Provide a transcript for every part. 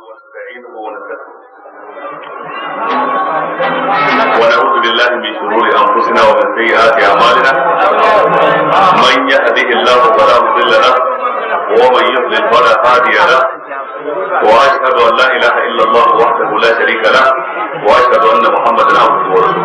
ونستعينه ونستغفره ونعوذ بالله من شرور انفسنا ومن سيئات اعمالنا من يهده الله فلا مضل له ومن يضلل فلا هادي له واشهد ان لا اله الا الله وحده لا شريك له واشهد ان محمدا عبده ورسوله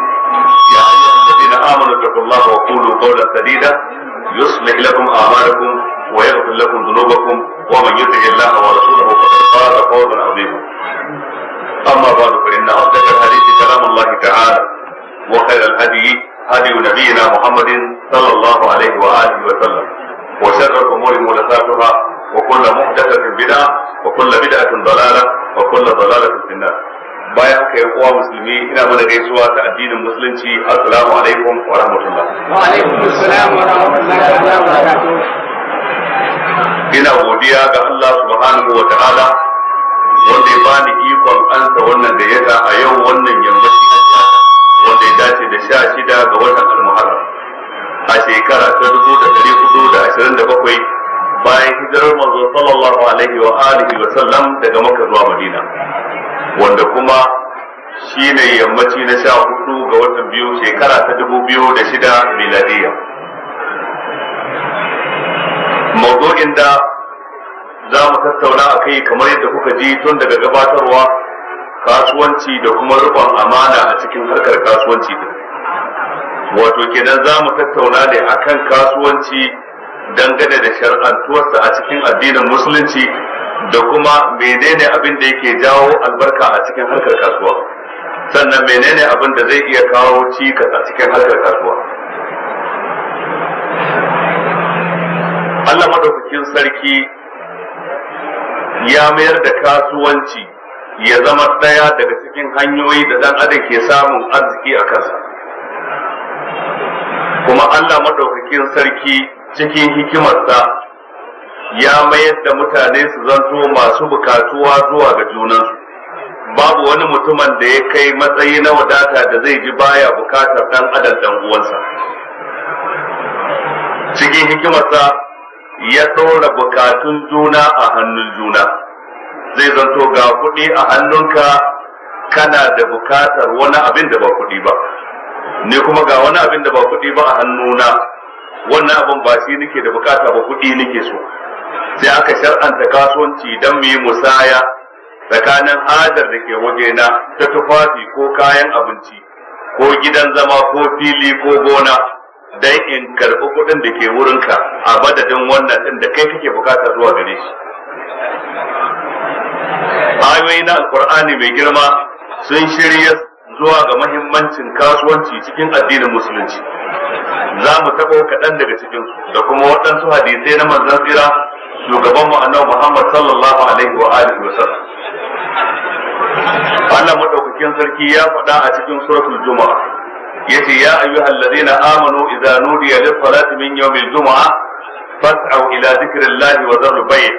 يا أيها الذين آمنوا اتقوا الله وقولوا قولا سديدا يصلح لكم أعمالكم ويغفر لكم ذنوبكم ومن يطع الله ورسوله فقد فاز فوزا عظيما أما بعد فإن أصدق الحديث كلام الله تعالى وخير الهدي هدي نبينا محمد صلى الله عليه وآله وسلم وشر الأمور محدثاتها وكل محدثة بدعة وكل بدعة ضلالة وكل ضلالة في النار bayan aka yi uwa musulmi ina mana gaisuwa ta addinin musulunci assalamu alaikum wa rahmatullah wa alaikum assalam wa rahmatullahi wa barakatuh ina godiya ga Allah subhanahu wa ta'ala wanda ya bani ikon ansa wannan da yasa a yau wannan yammaci wanda ya dace da sha shida ga watan almuharram a shekara ta dubu da dari hudu da ashirin da bakwai bayan hijirar manzo sallallahu alaihi wa alihi wa sallam daga makka zuwa madina wanda kuma shi ne yammaci na sha hudu ga watan biyu shekara ta dubu biyu da shida miladiya Mazo'in da za mu tattauna a kai kamar yadda kuka ji tun daga gabatarwa kasuwanci da kuma rubon amana a cikin harkar kasuwanci wato kenan za mu tattauna ne a kan kasuwanci dangane da shar'antuwarsa a cikin addinin musulunci da kuma menene abin da yake jawo albarka a cikin harkar kasuwa sannan menene abin da zai iya kawo cikas a cikin harkar kasuwa Allah madaukakin sarki ya mayar da kasuwanci ya zama ɗaya daga cikin hanyoyi da dan adam ke samun arziki a kansa kuma Allah madaukakin sarki cikin hikimarsa ya mayar da mutane su zanto masu bukatuwa zuwa ga junansu babu wani mutumin da ya kai matsayi na wadata da zai ji baya bukatar dan adam dan uwansa cikin hikimarsa ya ɗora bukatun juna a hannun juna zai zanto ga kuɗi a hannunka kana da bukatar wani abin da ba kuɗi ba ni kuma ga wani abin da ba kuɗi ba a hannuna wannan abin ba shi nake da bukata ba kuɗi nake so sai aka shar'anta kasuwanci don mu yi musaya tsakanin hajar da ke waje na ta tufafi ko kayan abinci ko gidan zama ko fili ko gona don in karɓi kuɗin da ke wurinka a madadin wannan ɗin da kai kake bukata zuwa gare shi ayoyi na alkur'ani mai girma sun shirya zuwa ga mahimmancin kasuwanci cikin addinin musulunci za mu taɓo kaɗan daga cikinsu da kuma waɗansu hadisai na manzan tsira shugaban mu annabi Muhammad sallallahu alaihi wa alihi wasallam Allah madaukakin sarki ya faɗa a cikin suratul Juma'a yace ya ayyuhal ladina amanu idza nudiya lis salati min yawmil juma'a fas'au ila dhikrillahi wa dharul bay'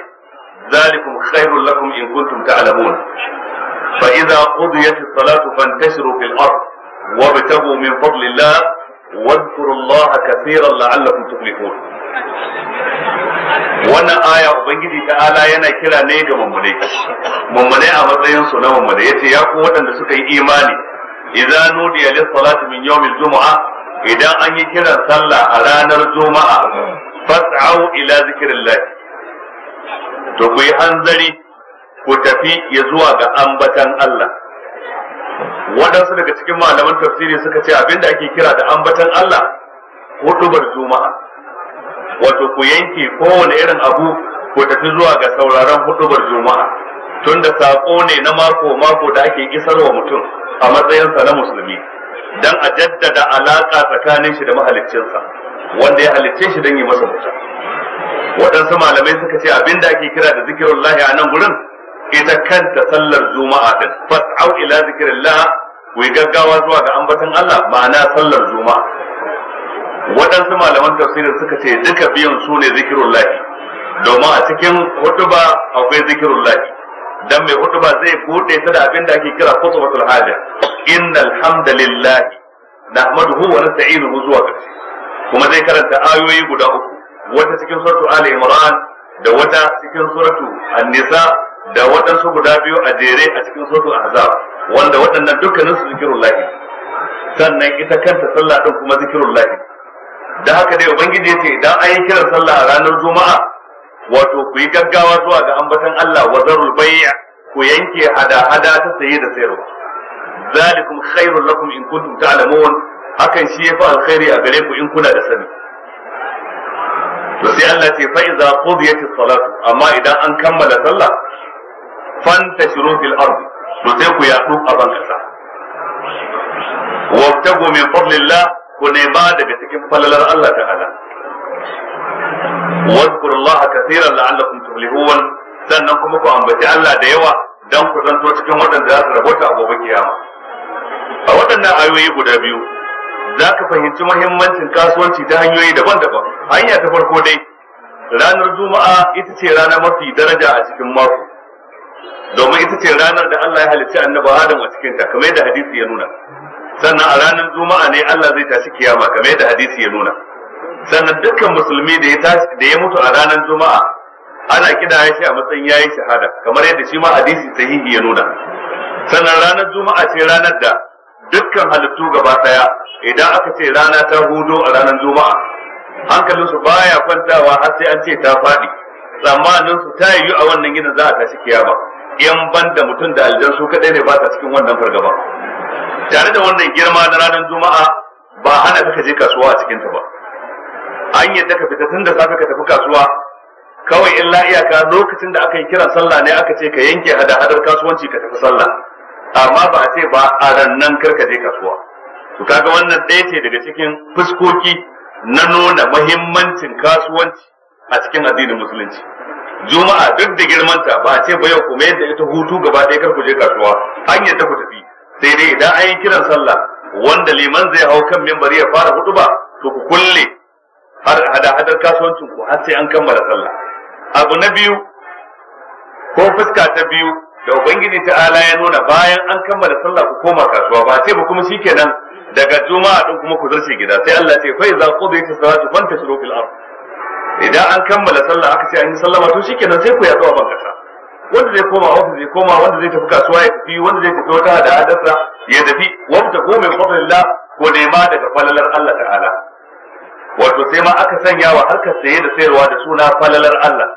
ذلكم خير لكم إن كنتم تعلمون فإذا قضيت الصلاة فانتشروا في الأرض وابتغوا من min الله واذكروا الله كثيرا لعلكم تفلحون wannan aya ubangiji Ala, yana kira ne ga mummune mummune a matsayin su na mummune yace ya ku waɗanda suka yi imani idza nudiya lis salati min yawmil jumu'a idan an yi kiran sallah a ranar juma'a fas'au ila zikrillah to ku yi hanzari ku tafi ya zuwa ga ambatan Allah waɗansu daga cikin malaman tafsiri suka ce abinda ake kira da ambatan Allah ko dubar juma'a wato ku yanke kowane irin abu ku tafi zuwa ga sauraron hudubar juma'a tunda sako ne na mako mako da ake wa mutum a matsayinsa na musulmi dan a jaddada alaƙa tsakanin shi da mahaliccinsa wanda ya halicce shi dan yi masa mutum waɗansu malamai suka ce abin da ake kira da lahi a nan gurin ita kanta sallar juma'a din fas'au ila lahi ku gaggawa zuwa ga ambaton Allah ma'ana sallar juma'a waɗansu malaman tafsiri suka ce duka biyan su ne zikirun lahi domin a cikin hutuba akwai zikirun lahi dan mai hutuba zai bude ta da abin da ake kira khutbatul haja innal hamdalillah nahmaduhu wa nasta'inuhu zuwa ƙarshe kuma zai karanta ayoyi guda uku wata cikin suratu ali imran da wata cikin suratu an-nisa da waɗansu guda biyu a jere a cikin suratu ahzab wanda waɗannan dukkanin su zikirun lahi sannan ita kanta sallah din kuma zikirun lahi da haka dai ubangiji ya ce idan an yi kiran sallah a ranar juma'a wato ku yi gaggawa zuwa ga ambatan Allah wa zarul bai'a ku yanke hada-hada ta saye da sayarwa zalikum khairul lakum in kuntum ta'lamun hakan shi yafi alkhairi a gare ku in kuna da sani to sai Allah ce fa iza qudiyatis salatu amma idan an kammala sallah fantashiru fil ardi to sai ku yaɗu a ban kasa wabtagu min fadlillah ku nema daga cikin falalar Allah ta'ala wadkurullaha kaseeran la'allakum tuflihun sannan kuma ku ambaci Allah da yawa dan ku zanto cikin waɗanda za su rabota a gobe kiyama a waɗannan ayoyi guda biyu za ka fahimci muhimmancin kasuwanci ta hanyoyi daban-daban hanya ta farko dai ranar juma'a ita ce rana mafi daraja a cikin mako domin ita ce ranar da Allah ya halicci annabi Adam a cikin ta kamar yadda hadisi ya nuna sannan a ranar juma'a ne Allah zai tashi kiyama game da hadisi ya nuna sannan dukkan musulmi da ya tashi da ya mutu a ranar juma'a ana kida ya shi a matsayin yi shahada kamar yadda shi ma hadisi sahihi ya nuna sannan ranar juma'a ce ranar da dukkan halittu gaba daya idan aka ce rana ta hudo a ranar juma'a hankalin su baya kwantawa har sai an ce ta faɗi tsammanin su ta yiwu a wannan ginin za a tashi kiyama yan banda mutum da aljan su kadai ne ba ta cikin wannan fargaba tare da wannan girma na ranar juma'a ba hana ka je kasuwa a cikinta ba an yadda ka fita tun da safe ka tafi kasuwa kawai illa iyaka lokacin da aka yi kiran sallah ne aka ce ka yanke hada-hadar kasuwanci ka tafi sallah amma ba a ce ba a rannan kar ka je kasuwa to kaga wannan ɗaya ce daga cikin fuskoki na nuna mahimmancin kasuwanci a cikin addinin musulunci juma'a duk da girmanta ba a ce ba yau kuma yadda ita hutu gaba ɗaya kar ku je kasuwa an yadda ku tafi sai dai idan an yi kiran sallah wanda liman zai hau kan mimbari ya fara hudu ba to ku kulle har hada hadar kasuwancin ku har sai an kammala sallah abu na biyu ko fuska ta biyu da ubangiji ta'ala ya nuna bayan an kammala sallah ku koma kasuwa ba sai ba kuma shikenan daga juma'a din kuma ku zarce gida sai Allah ce fa iza qudiyatis salatu fantashiru fil ard idan an kammala sallah aka ce an yi sallama to shikenan sai ku yazo a bankasa wanda zai koma ofis ya koma wanda zai tafi kasuwa ya tafi wanda zai tafi wata hada hadarsa ya tafi wanda ko mai fadlillah ko nema daga falalar Allah ta'ala wato sai ma aka sanya wa harkar saye da sayarwa da suna falalar Allah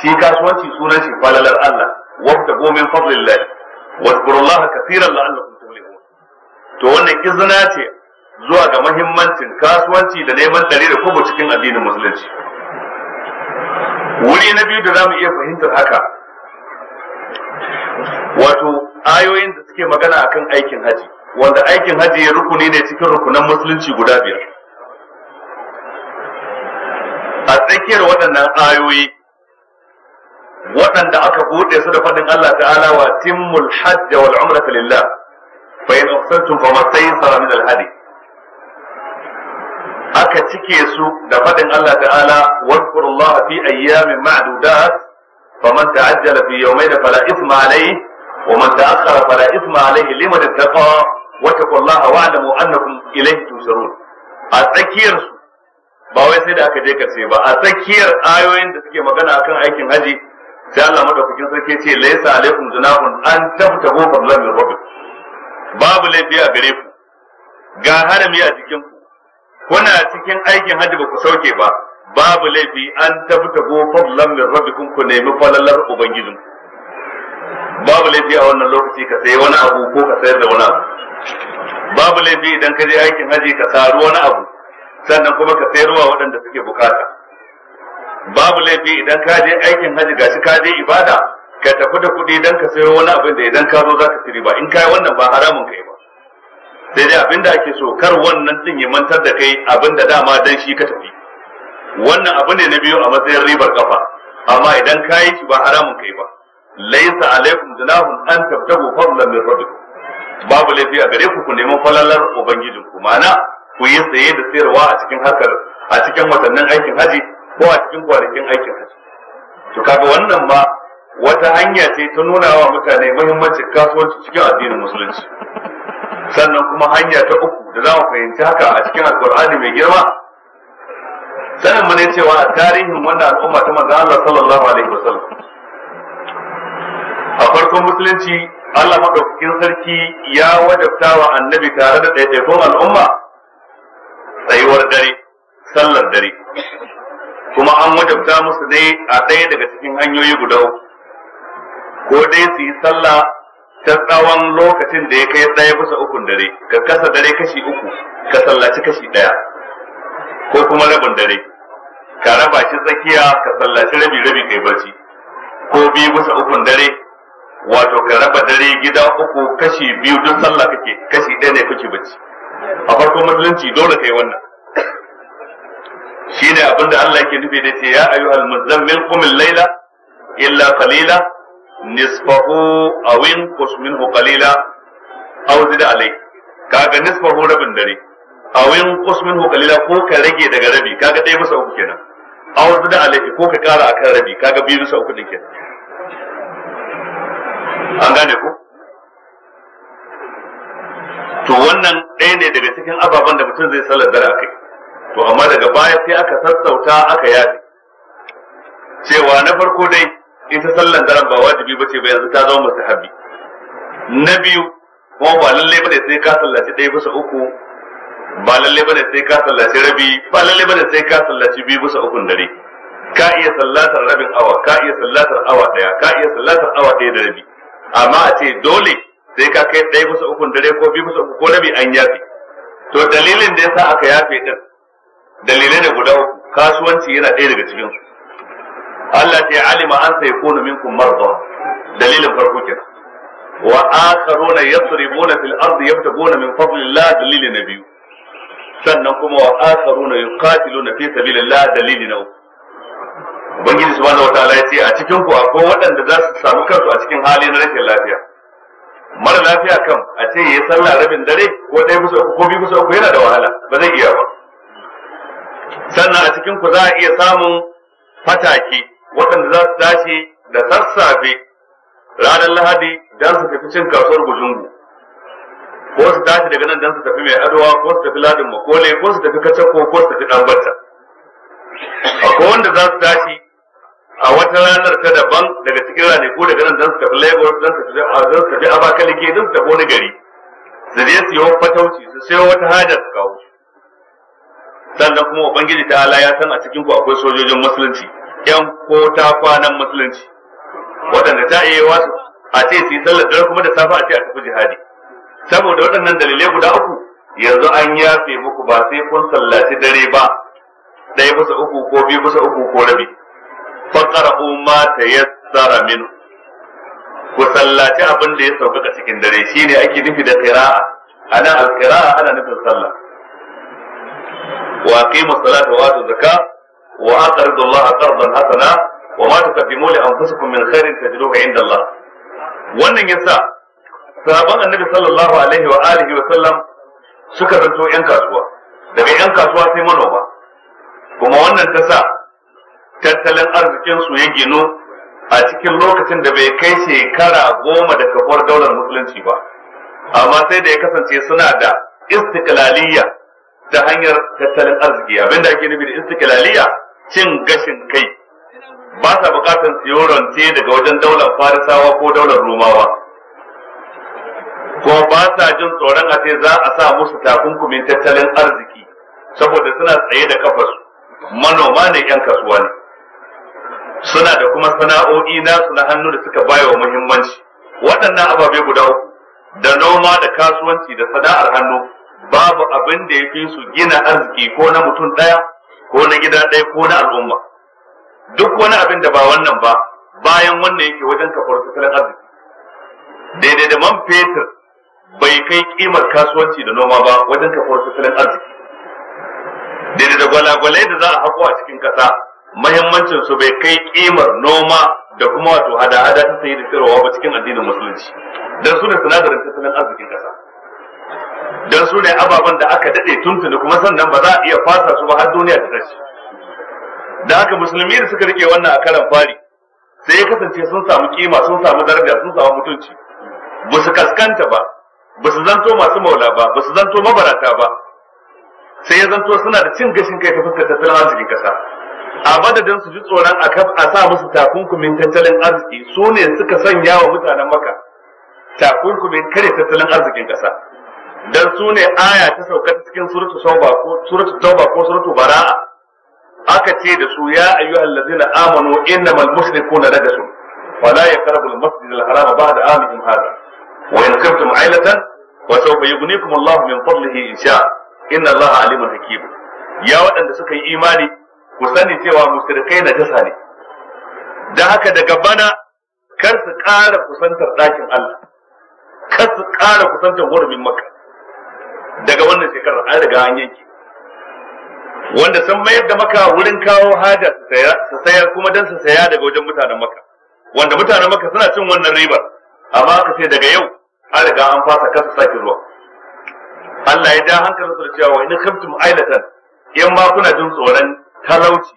shi kasuwanci sunan shi falalar Allah wanda ko min fadlillah wadkurullah kaseeran la'allakum tuflihun to wannan izina ce zuwa ga mahimmancin kasuwanci da neman dare da kuma cikin addinin musulunci wuri na biyu da za mu iya fahimtar haka wato ayoyin da suke magana akan aikin haji wanda aikin haji rukuni ne cikin rukunan musulunci guda biyar a tsakiyar waɗannan ayoyi waɗanda aka buɗe su da faɗin Allah ta'ala wa timmul hajj wal umrata lillah fa in ahsantum fa mastaysara min al hadi aka cike su da faɗin Allah ta'ala wazkurullaha fi ayyamin ma'dudat فمن تعجل في يومين فلا ithma عليه wa man فلا fala عليه لمن اتقى واتقوا الله واعلموا wa'lamu annakum ilayhi tusharun a tsakiyar su ba wai sai da aka je kace ba a tsakiyar ayoyin da suke magana akan aikin haji sai Allah madaukakin sarki ce laysa alaikum junahun an tabtabu fadlan min rabbikum babu laifi a gare ku ga harami a jikin ku kuna cikin aikin hajji ba ku sauke ba babu laifi an tafta go fadlan min rabbikum ku nemi falalar ubangijin babu laifi a wannan lokaci ka sayi wani abu ko ka sayar da wani abu babu laifi idan ka je aikin haji ka saru wani abu sannan kuma ka wa waɗanda suke bukata babu laifi idan ka je aikin haji gashi ka je ibada ka tafi da kuɗi dan ka sayo wani abin da idan ka zo za ka ci riba in kai wannan ba haramun kai ba sai dai abin da ake so kar wannan din ya mantar da kai abinda da dama dan shi ka tafi wannan abu ne na biyu a matsayin ribar kafa amma idan ka yi shi ba haramun kai ba laisa alaikum junahun an tabtabu fadlan min rabbikum babu laifi a gare ku ku neman falalar ubangijin ku ma'ana ku yi saye da sayarwa a cikin hakar a cikin watannin aikin haji ko a cikin kwanakin aikin haji to kaga wannan ma wata hanya ce ta nuna wa mutane muhimmancin kasuwanci cikin addinin musulunci sannan kuma hanya ta uku da za mu fahimci haka a cikin alkur'ani mai girma sanin mu ne cewa a tarihin wannan al'umma ta manzo Allah sallallahu alaihi wasallam a farkon musulunci Allah madaukakin sarki ya wajabta wa annabi tare da ɗaiɗaikun al'umma tsayuwar dare sallar dare kuma an wajabta musu ne a ɗaya daga cikin hanyoyi guda uku ko dai su yi sallah ta tsawon lokacin da ya kai ɗaya bisa ukun dare ka kasa dare kashi uku ka sallaci kashi ɗaya ko kuma rabin dare ka raba shi tsakiya ka sallaci rabi rabi kai barci ko biyu bisa ukun dare wato ka raba dare gida uku kashi biyu duk sallah kake kashi ɗaya ne kuke barci a farko musulunci dole kai wannan shine abin da Allah yake nufi da ce ya al muzammil qum al-laila illa qalila nisfahu aw inqus minhu qalila aw zid alayk kaga nisfahu rabin dare aw kusmin hukalila ko ka rage daga rabi kaga dai masa uku kenan awar da alaihi ko ka kara akan rabi kaga biyu masa uku din kenan an gane ku to wannan ɗaya ne daga cikin ababen da mutum zai sallar dare akai to amma daga baya sai aka sassauta aka yafi cewa na farko dai ita sallar daren ba wajibi bace ba yanzu ta zama mustahabi na biyu kuma ba lallai bane sai ka sallaci ɗaya bisa uku ba lalle bane sai ka sallaci rabi ba lalle bane sai ka sallaci biyu bisa ukun dare ka iya sallatar rabin awa ka iya sallatar awa daya ka iya sallatar awa daya da rabi amma a ce dole sai ka kai ɗaya bisa ukun dare ko biyu bisa ukun ko rabi an yafe to dalilin da yasa aka yafe din dalilai da guda uku kasuwanci yana ɗaya daga cikin su Allah ta alima an sai kunu minkum marda dalilin farko kenan wa akharuna yasribuna fil ardi yabtaguna min fadlillah dalilin na biyu sannan kuma wa akharuna yuqatiluna fi sabilillah dalili na ubangiji subhanahu wataala ya ce a cikin ku akwai waɗanda za su samu kansu a cikin hali na rashin lafiya mara lafiya kam a ce yayi sallah rabin dare ko dai musu ko bi musu ko yana da wahala ba zai iya ba sannan a cikin ku za a iya samun fataki waɗanda za su tashi da sassafe ranar lahadi dan su tafi cin kasuwar gujungu ko su tashi daga nan dan su tafi mai adawa ko su tafi ladin makole ko su tafi kace, ko su tafi dan bacca akwai wanda za su tashi a wata ranar ta daban daga cikin ko daga nan dan su tafi lagos dan su tafi dan su tafi abakalike dan su tafi wani gari su je su yi fatauci su sayo wata hajar su kawo sannan kuma ubangiji ta ala ya san a cikin ku akwai sojojin musulunci yan ko ta kwanan musulunci waɗanda ta iya wasu a ce su yi sallar dare kuma da safe a ce a tafi jihadi saboda waɗannan dalilai guda uku yanzu an yafe muku ba sai kun sallaci dare ba ɗaya bisa uku ko biyu bisa uku ko rabi faqara ma tayassara min ku sallaci abin da ya sauƙaƙa cikin dare shine ake nufi da qira'a ana alqira'a ana nufin sallah wa aqimu salata wa atu zakat wa aqridu Allah qardan hasana wa ma tuqaddimu li anfusikum min khairin tajiduhu inda Allah wannan yasa sahabban annabi sallallahu alaihi wa alihi wa sallam suka zanto yan kasuwa daga yan kasuwa sai manoma kuma wannan ta sa tattalin arzikin su ya ginu a cikin lokacin da bai kai shekara goma da kafuwar daular musulunci ba amma sai da ya kasance suna da istiklaliyya ta hanyar tattalin arziki abinda ake nufi da istiklaliyya cin gashin kai ba sa bukatar siyo rance daga wajen daular farisawa ko daular romawa kuma ba sa jin tsoron a za a sa musu takunkumin tattalin arziki saboda suna tsaye da kafarsu manoma ne yan kasuwa ne suna da kuma sana'o'i nasu na hannu da suka bayo muhimmanci waɗannan ababe guda uku da noma da kasuwanci da sana'ar hannu babu abin da ya fi su gina arziki ko na mutum ɗaya ko na gida ɗaya ko na al'umma duk wani abin da ba wannan ba bayan wannan yake wajen kafar tattalin arziki daidai da man fetur bai kai kimar kasuwanci da noma ba wajen kafar tattalin arziki daidai da gwalagwalai da za a haƙo a cikin ƙasa, mahimmancin su bai kai kimar noma da kuma wato hada-hada ta sayi da tsirowa ba cikin addinin musulunci dan su ne sinadarin tattalin arzikin ƙasa. dan su ne ababen da aka daɗe tuntuni kuma sannan ba za a iya fasa su ba har duniya ta tashi da haka musulmi da suka rike wannan a karan fari sai ya kasance sun samu kima sun samu daraja sun samu mutunci ba su kaskanta ba ba su zanto masu maula ba ba su zanto mabarata ba sai ya zanto suna da cin gashin kai ta fuskar tattalin arzikin kasa a madadin su ji tsoron a sa musu takunkumin tattalin arziki su ne suka sanya wa mutanen maka takunkumin kare tattalin arzikin kasa dan su ne aya ta sauka cikin suratu tauba ko suratu tauba ko suratu bara'a aka ce da su ya ayyuhal ladzina amanu innamal mushrikuuna najasun fala yaqrabul masjidal harama ba'da amihim hadha وإن كنتم kuntum وسوف يغنيكم الله من فضله min شاء إن الله inna حكيم alimun hakim ya waɗanda suka yi imani ku sani cewa mushrikai na jasa ne da haka daga bana kar su ƙara kusantar ɗakin Allah daga wannan shekarar a an yanke wanda sun mayar da maka wurin kawo haja su sayar kuma don su saya daga wajen mutanen maka wanda mutanen maka suna cin wannan ribar amma aka ce daga yau an riga an fasa kasa sake zuwa Allah ya ja hankali su da cewa wa in kamtum ailatan in ma kuna jin tsoron talauci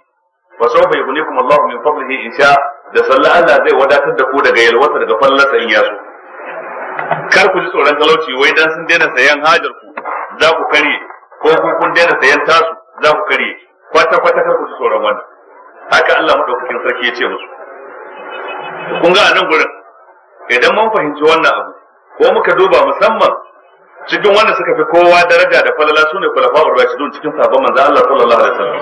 wa sawfa yughnikum Allahu min fadlihi in sha da sallah Allah zai wadatar da ku daga yalwata daga fallasa in yaso kar ku ji tsoron talauci wai dan sun daina sayan hajar ku za ku karye ko ku kun daina sayan tasu za ku karye kwata kwata kar ku ji tsoron wannan haka Allah madaukakin sarki ya ce musu kun ga a nan gurin idan mun fahimci wannan abu ko muka duba musamman cikin wanda suka fi kowa daraja da falala sune khulafa'ur rashidun cikin sabon manzo Allah sallallahu alaihi wasallam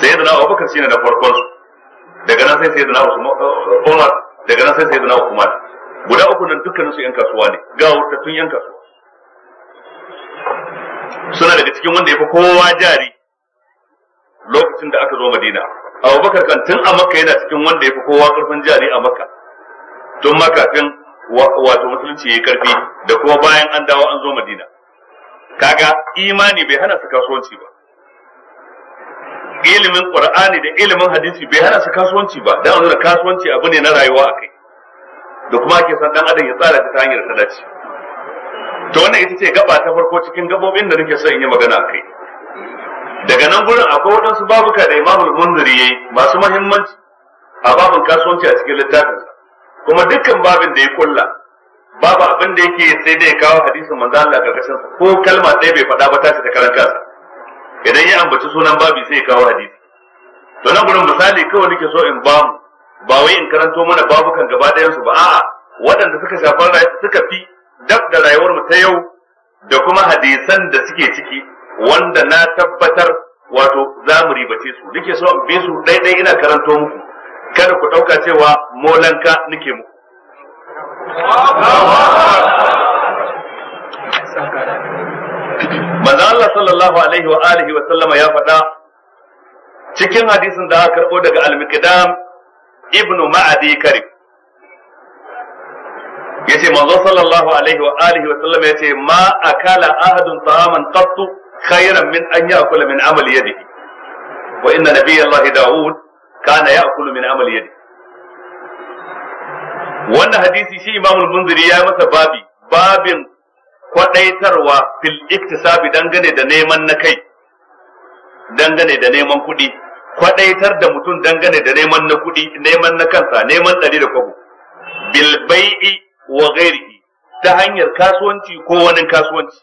sayyidina Abubakar shine da farkon su daga nan sai sayyidina uh, Umar daga nan sai sayyidina Uthman guda uku nan dukkanin su yan kasuwa ne ga wurtattun yan kasuwa suna daga cikin wanda ya fi kowa jari lokacin da aka zo Madina Abubakar kan tun a Makka yana cikin wanda ya fi kowa karfin jari a Makka tun ma kafin wato musulunci yayi karfi da kuma bayan an dawo an zo Madina kaga imani bai hana su kasuwanci ba ilimin qur'ani da ilimin hadisi bai hana su kasuwanci ba dan nuna kasuwanci abu ne na rayuwa akai da kuma ake san dan adam ya tsara ta hanyar ta to wannan ita ce gaba ta farko cikin gabobin da nake so in magana akai daga nan gurin akwai wadansu babuka da imamul munziri masu muhimmanci a babun kasuwanci a cikin littafin kuma dukkan babin da ya kulla babu abin da yake sai da kawo hadisin manzo Allah karkashin sa ko kalma ɗaya bai faɗa ba tashi ta karan kansa idan ya ambaci sunan babi sai ya kawo hadisi to nan gurin misali kawai nake so in bamu ba wai in karanto mana babukan gaba ɗayan su ba a'a waɗanda suka shafar suka fi dab da rayuwar mu ta yau da kuma hadisan da suke ciki wanda na tabbatar wato za mu ribace su nake so in bi su ɗaiɗai ina karanto muku kada ku ɗauka cewa molanka nake mu manzo Allah sallallahu alaihi wa alihi wa sallama ya faɗa cikin hadisin da aka karɓo daga al Ibnu ibn Ma'adi Karib yace manzo sallallahu alaihi wa alihi wa sallama ce ma akala ahadun ta'aman qattu khayran min an ya'kula min amali yadihi wa inna nabiyallahi Dawud kana ya'kulu min amali yadi wannan hadisi shi imamul munziri ya masa babi babin kwadaitarwa fil iktisabi dangane da neman na kai dangane da neman kuɗi kwadaitar da mutum dangane da neman na kuɗi neman na kansa neman ɗari da kwabo bil bai'i wa ghairihi ta hanyar kasuwanci ko wani kasuwanci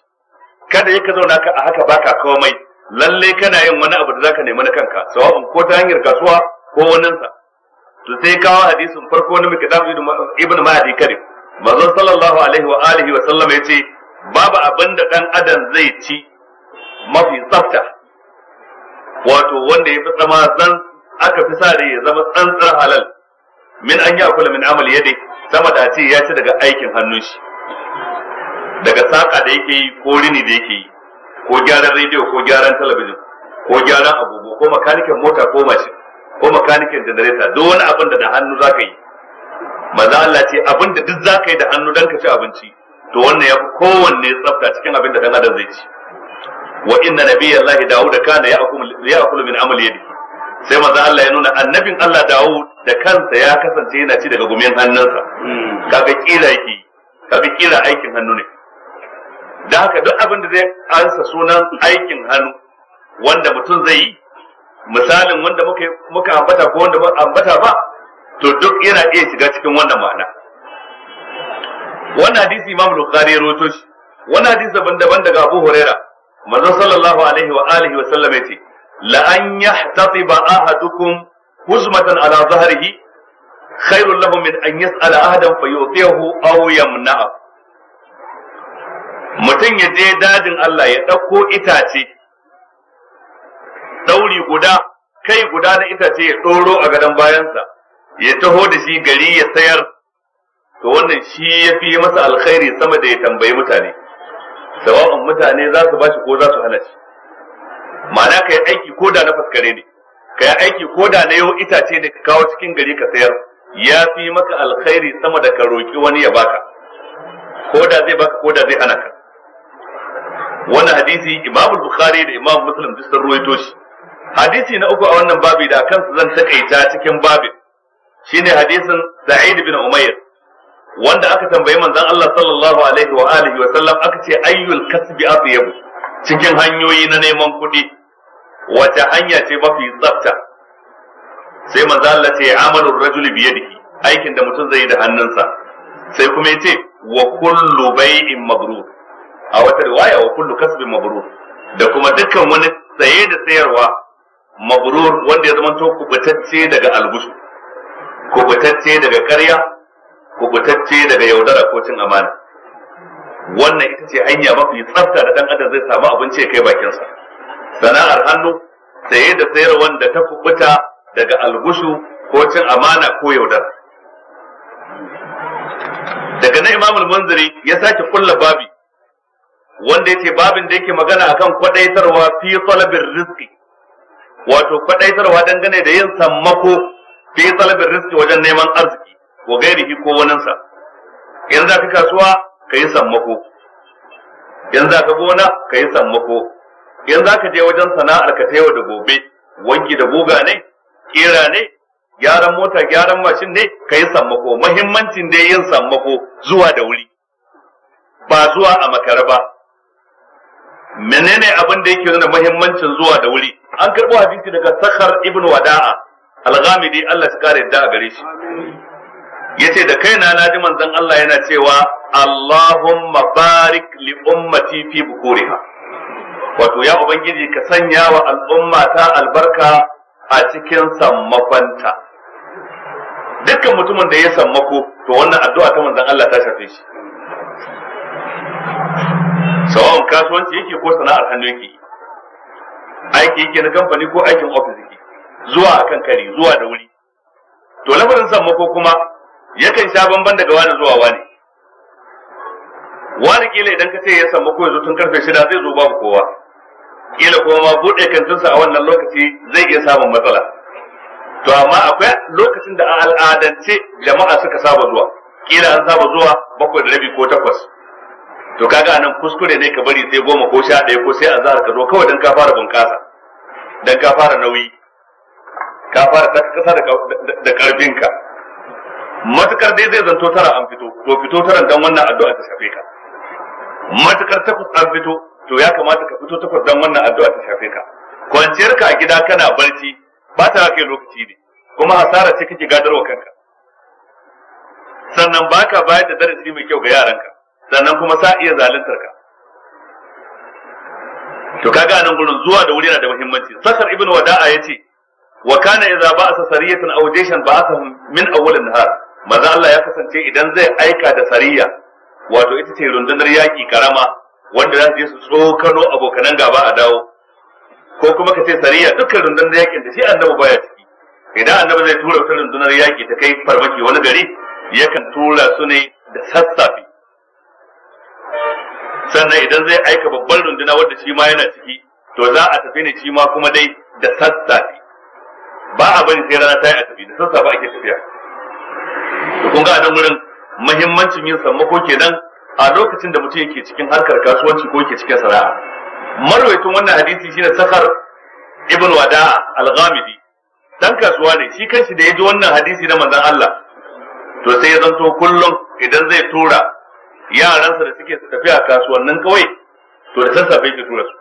kada yake zauna ka a haka baka komai lalle kana yin wani abu da zaka nema na kanka sawa'un ko ta hanyar kasuwa ko waninsa to sai kawo hadisin farko na mikdam ibn mahdi karim manzon sallallahu alaihi wa alihi wa sallam ce, babu abin da dan adam zai ci mafi tsafta wato wanda ya fi zama zan aka fi sa ya zama tsantsar halal min an ya kula min amal yadai sama da ce ya ci daga aikin hannun shi daga saka da yake yi ko rini da yake yi ko gyaran rediyo ko gyaran talabijin ko gyaran agogo ko makanikin mota ko mashin ko makanikin janareta duk wani abin da da hannu za ka yi maza Allah ce abin da duk za ka yi da hannu don ka ci abinci to wannan ya fi kowanne tsafta cikin abin da dan adam zai ci wa inna nabiyallahi dawud kana ya'kulu min amali yadi sai maza Allah ya nuna annabin Allah Dawud da kansa ya kasance yana ci daga gumin hannunsa kaga kira yake kaga kira aikin hannu ne da haka duk abin da zai ansa sunan aikin hannu wanda mutum zai yi misalin wanda muka muka ambata ko wanda ba ambata ba to duk yana iya shiga cikin wannan ma'ana wannan hadisi Imam Bukhari rawaito shi wannan hadisi daban-daban daga Abu Huraira manzo sallallahu alaihi wa alihi wa sallam yace la an yahtatiba ahadukum huzmatan ala zahrihi khairul lahu min an yas'ala ahadan fayutihu aw yamna'a mutum ya je dajin Allah ya ɗauko itace dauri guda kai guda na itace ya ɗoro a gadon bayansa ya taho da shi gari ya sayar to wannan shi ya fi masa alkhairi sama da ya tambayi mutane sababin mutane za su bashi ko za su hana shi ma'ana ka yi aiki ko da na faskare ne ka yi aiki ko da na yau itace ne ka kawo cikin gari ka sayar ya fi maka alkhairi sama da ka roƙi wani ya baka ko da zai baka ko da zai hana ka wannan hadisi imam bukhari da imam muslim duk sun ruwaito shi hadisi na uku a wannan babi da kansu zan takaita cikin babin shine hadisin Sa'id bin Umair wanda aka tambayi manzon Allah sallallahu alaihi wa alihi wa sallam aka ce ayyul kasbi atyab cikin hanyoyi na neman kuɗi wace hanya ce mafi tsafta sai manzon Allah ce amalur rajuli yadihi aikin da mutum zai yi da hannunsa sai kuma yace wa kullu bai'in mabrur a wata riwaya wa kullu kasbin mabrur da kuma dukkan wani saye da sayarwa mabrur wanda ya zamanto kubutacce daga albusu kubutacce daga ƙarya kubutacce daga yaudara ko cin amana wannan ita ce hanya mafi tsafta da dan adam zai samu abinci ya kai bakinsa sana'ar hannu saye da sayar wanda ta kubuta daga albushu ko cin amana ko yaudara daga nan imamul munziri ya sake kulla babi wanda yace babin da yake magana akan kwadaitarwa fi talabir rizqi wato kwadaitarwa dangane da yin sammako fi talabin riski wajen neman arziki wa gairihi ko waninsa yanzu za ka kasuwa ka yi sammako yanzu za ka gona ka yi sammako yanzu za ka je wajen sana'ar ka taiwa da gobe wanki da guga ne kera ne gyaran mota gyaran mashin ne ka yi sammako mahimmancin dai yin sammako zuwa da wuri ba zuwa a makara ba menene abin da yake nuna mahimmancin zuwa da wuri an karɓo hadisi daga sakar ibn wada'a al-ghamidi Allah ya kare da gare shi yace da kaina na ji manzon Allah yana cewa Allahumma barik li ummati fi bukuriha wato ya ubangiji ka sanya wa al'umma ta albarka a cikin sammakonta dukkan mutumin da ya sammako to wannan addu'a ta manzon Allah ta shafe shi sawon kasuwanci yake ko sana'ar hannu yake aiki yake na kamfani ko aikin ofis yake zuwa akan kari zuwa da wuri to lamarin sammako kuma yakan sha bamban daga wani zuwa wani wani kila idan ka ce ya sammako zo tun karfe shida zai zo babu kowa kila kuma ma buɗe kantinsa a wannan lokaci zai iya samun matsala to amma akwai lokacin da a al'adance jama'a suka saba zuwa kila an saba zuwa bakwai da rabi ko takwas to kaga anan kuskure ne ka bari sai goma ko sha ɗaya ko sai azhar ka zo kawai dan ka fara bunƙasa dan ka fara nauyi ka fara ta kasa da karfin ka matukar dai zai zanto tara an fito to fito taran dan wannan addu'a ta shafe ka matukar takwas an fito to ya kamata ka fito takwas dan wannan addu'a ta shafe ka kwanciyar ka a gida kana barci ba ta kai lokaci ne kuma hasara ce kake gadarwa kanka sannan baka bayar da darasi mai kyau ga yaranka sannan kuma sa iya zaluntar ka to kaga anan gurin zuwa da wuri yana da muhimmanci sakar ibn wada'a yace wa kana idza ba'asa sariyatan aw jaysan ba'asahum min awwal an-nahar maza Allah ya kasance idan zai aika da sariya wato ita ce rundunar yaki karama wanda za su je su tsokano abokanan gaba a dawo ko kuma ka ce sariya dukkan rundunar yakin da shi annabi baya ciki idan annabi zai tura wata rundunar yaki ta kai farmaki wani gari yakan tura su ne da sassafe sannan idan zai aika babban runduna wanda shi ma yana ciki to za a tafi ne shi ma kuma dai da sassafe ba a bari sai rana ta yi a tafi da sassafe ake tafiya kun ga nan wurin muhimmancin yin sammako kenan a lokacin da mutum yake cikin harkar kasuwanci ko yake cikin sana'a marwaitun wannan hadisi shine sakar ibn wada'a al-ghamidi dan kasuwa ne shi kanshi da ya ji wannan hadisi na manzon Allah to sai ya zanto kullum idan zai tura yaransa da suke tafi a kasuwannin kawai to da sassafe ke tura su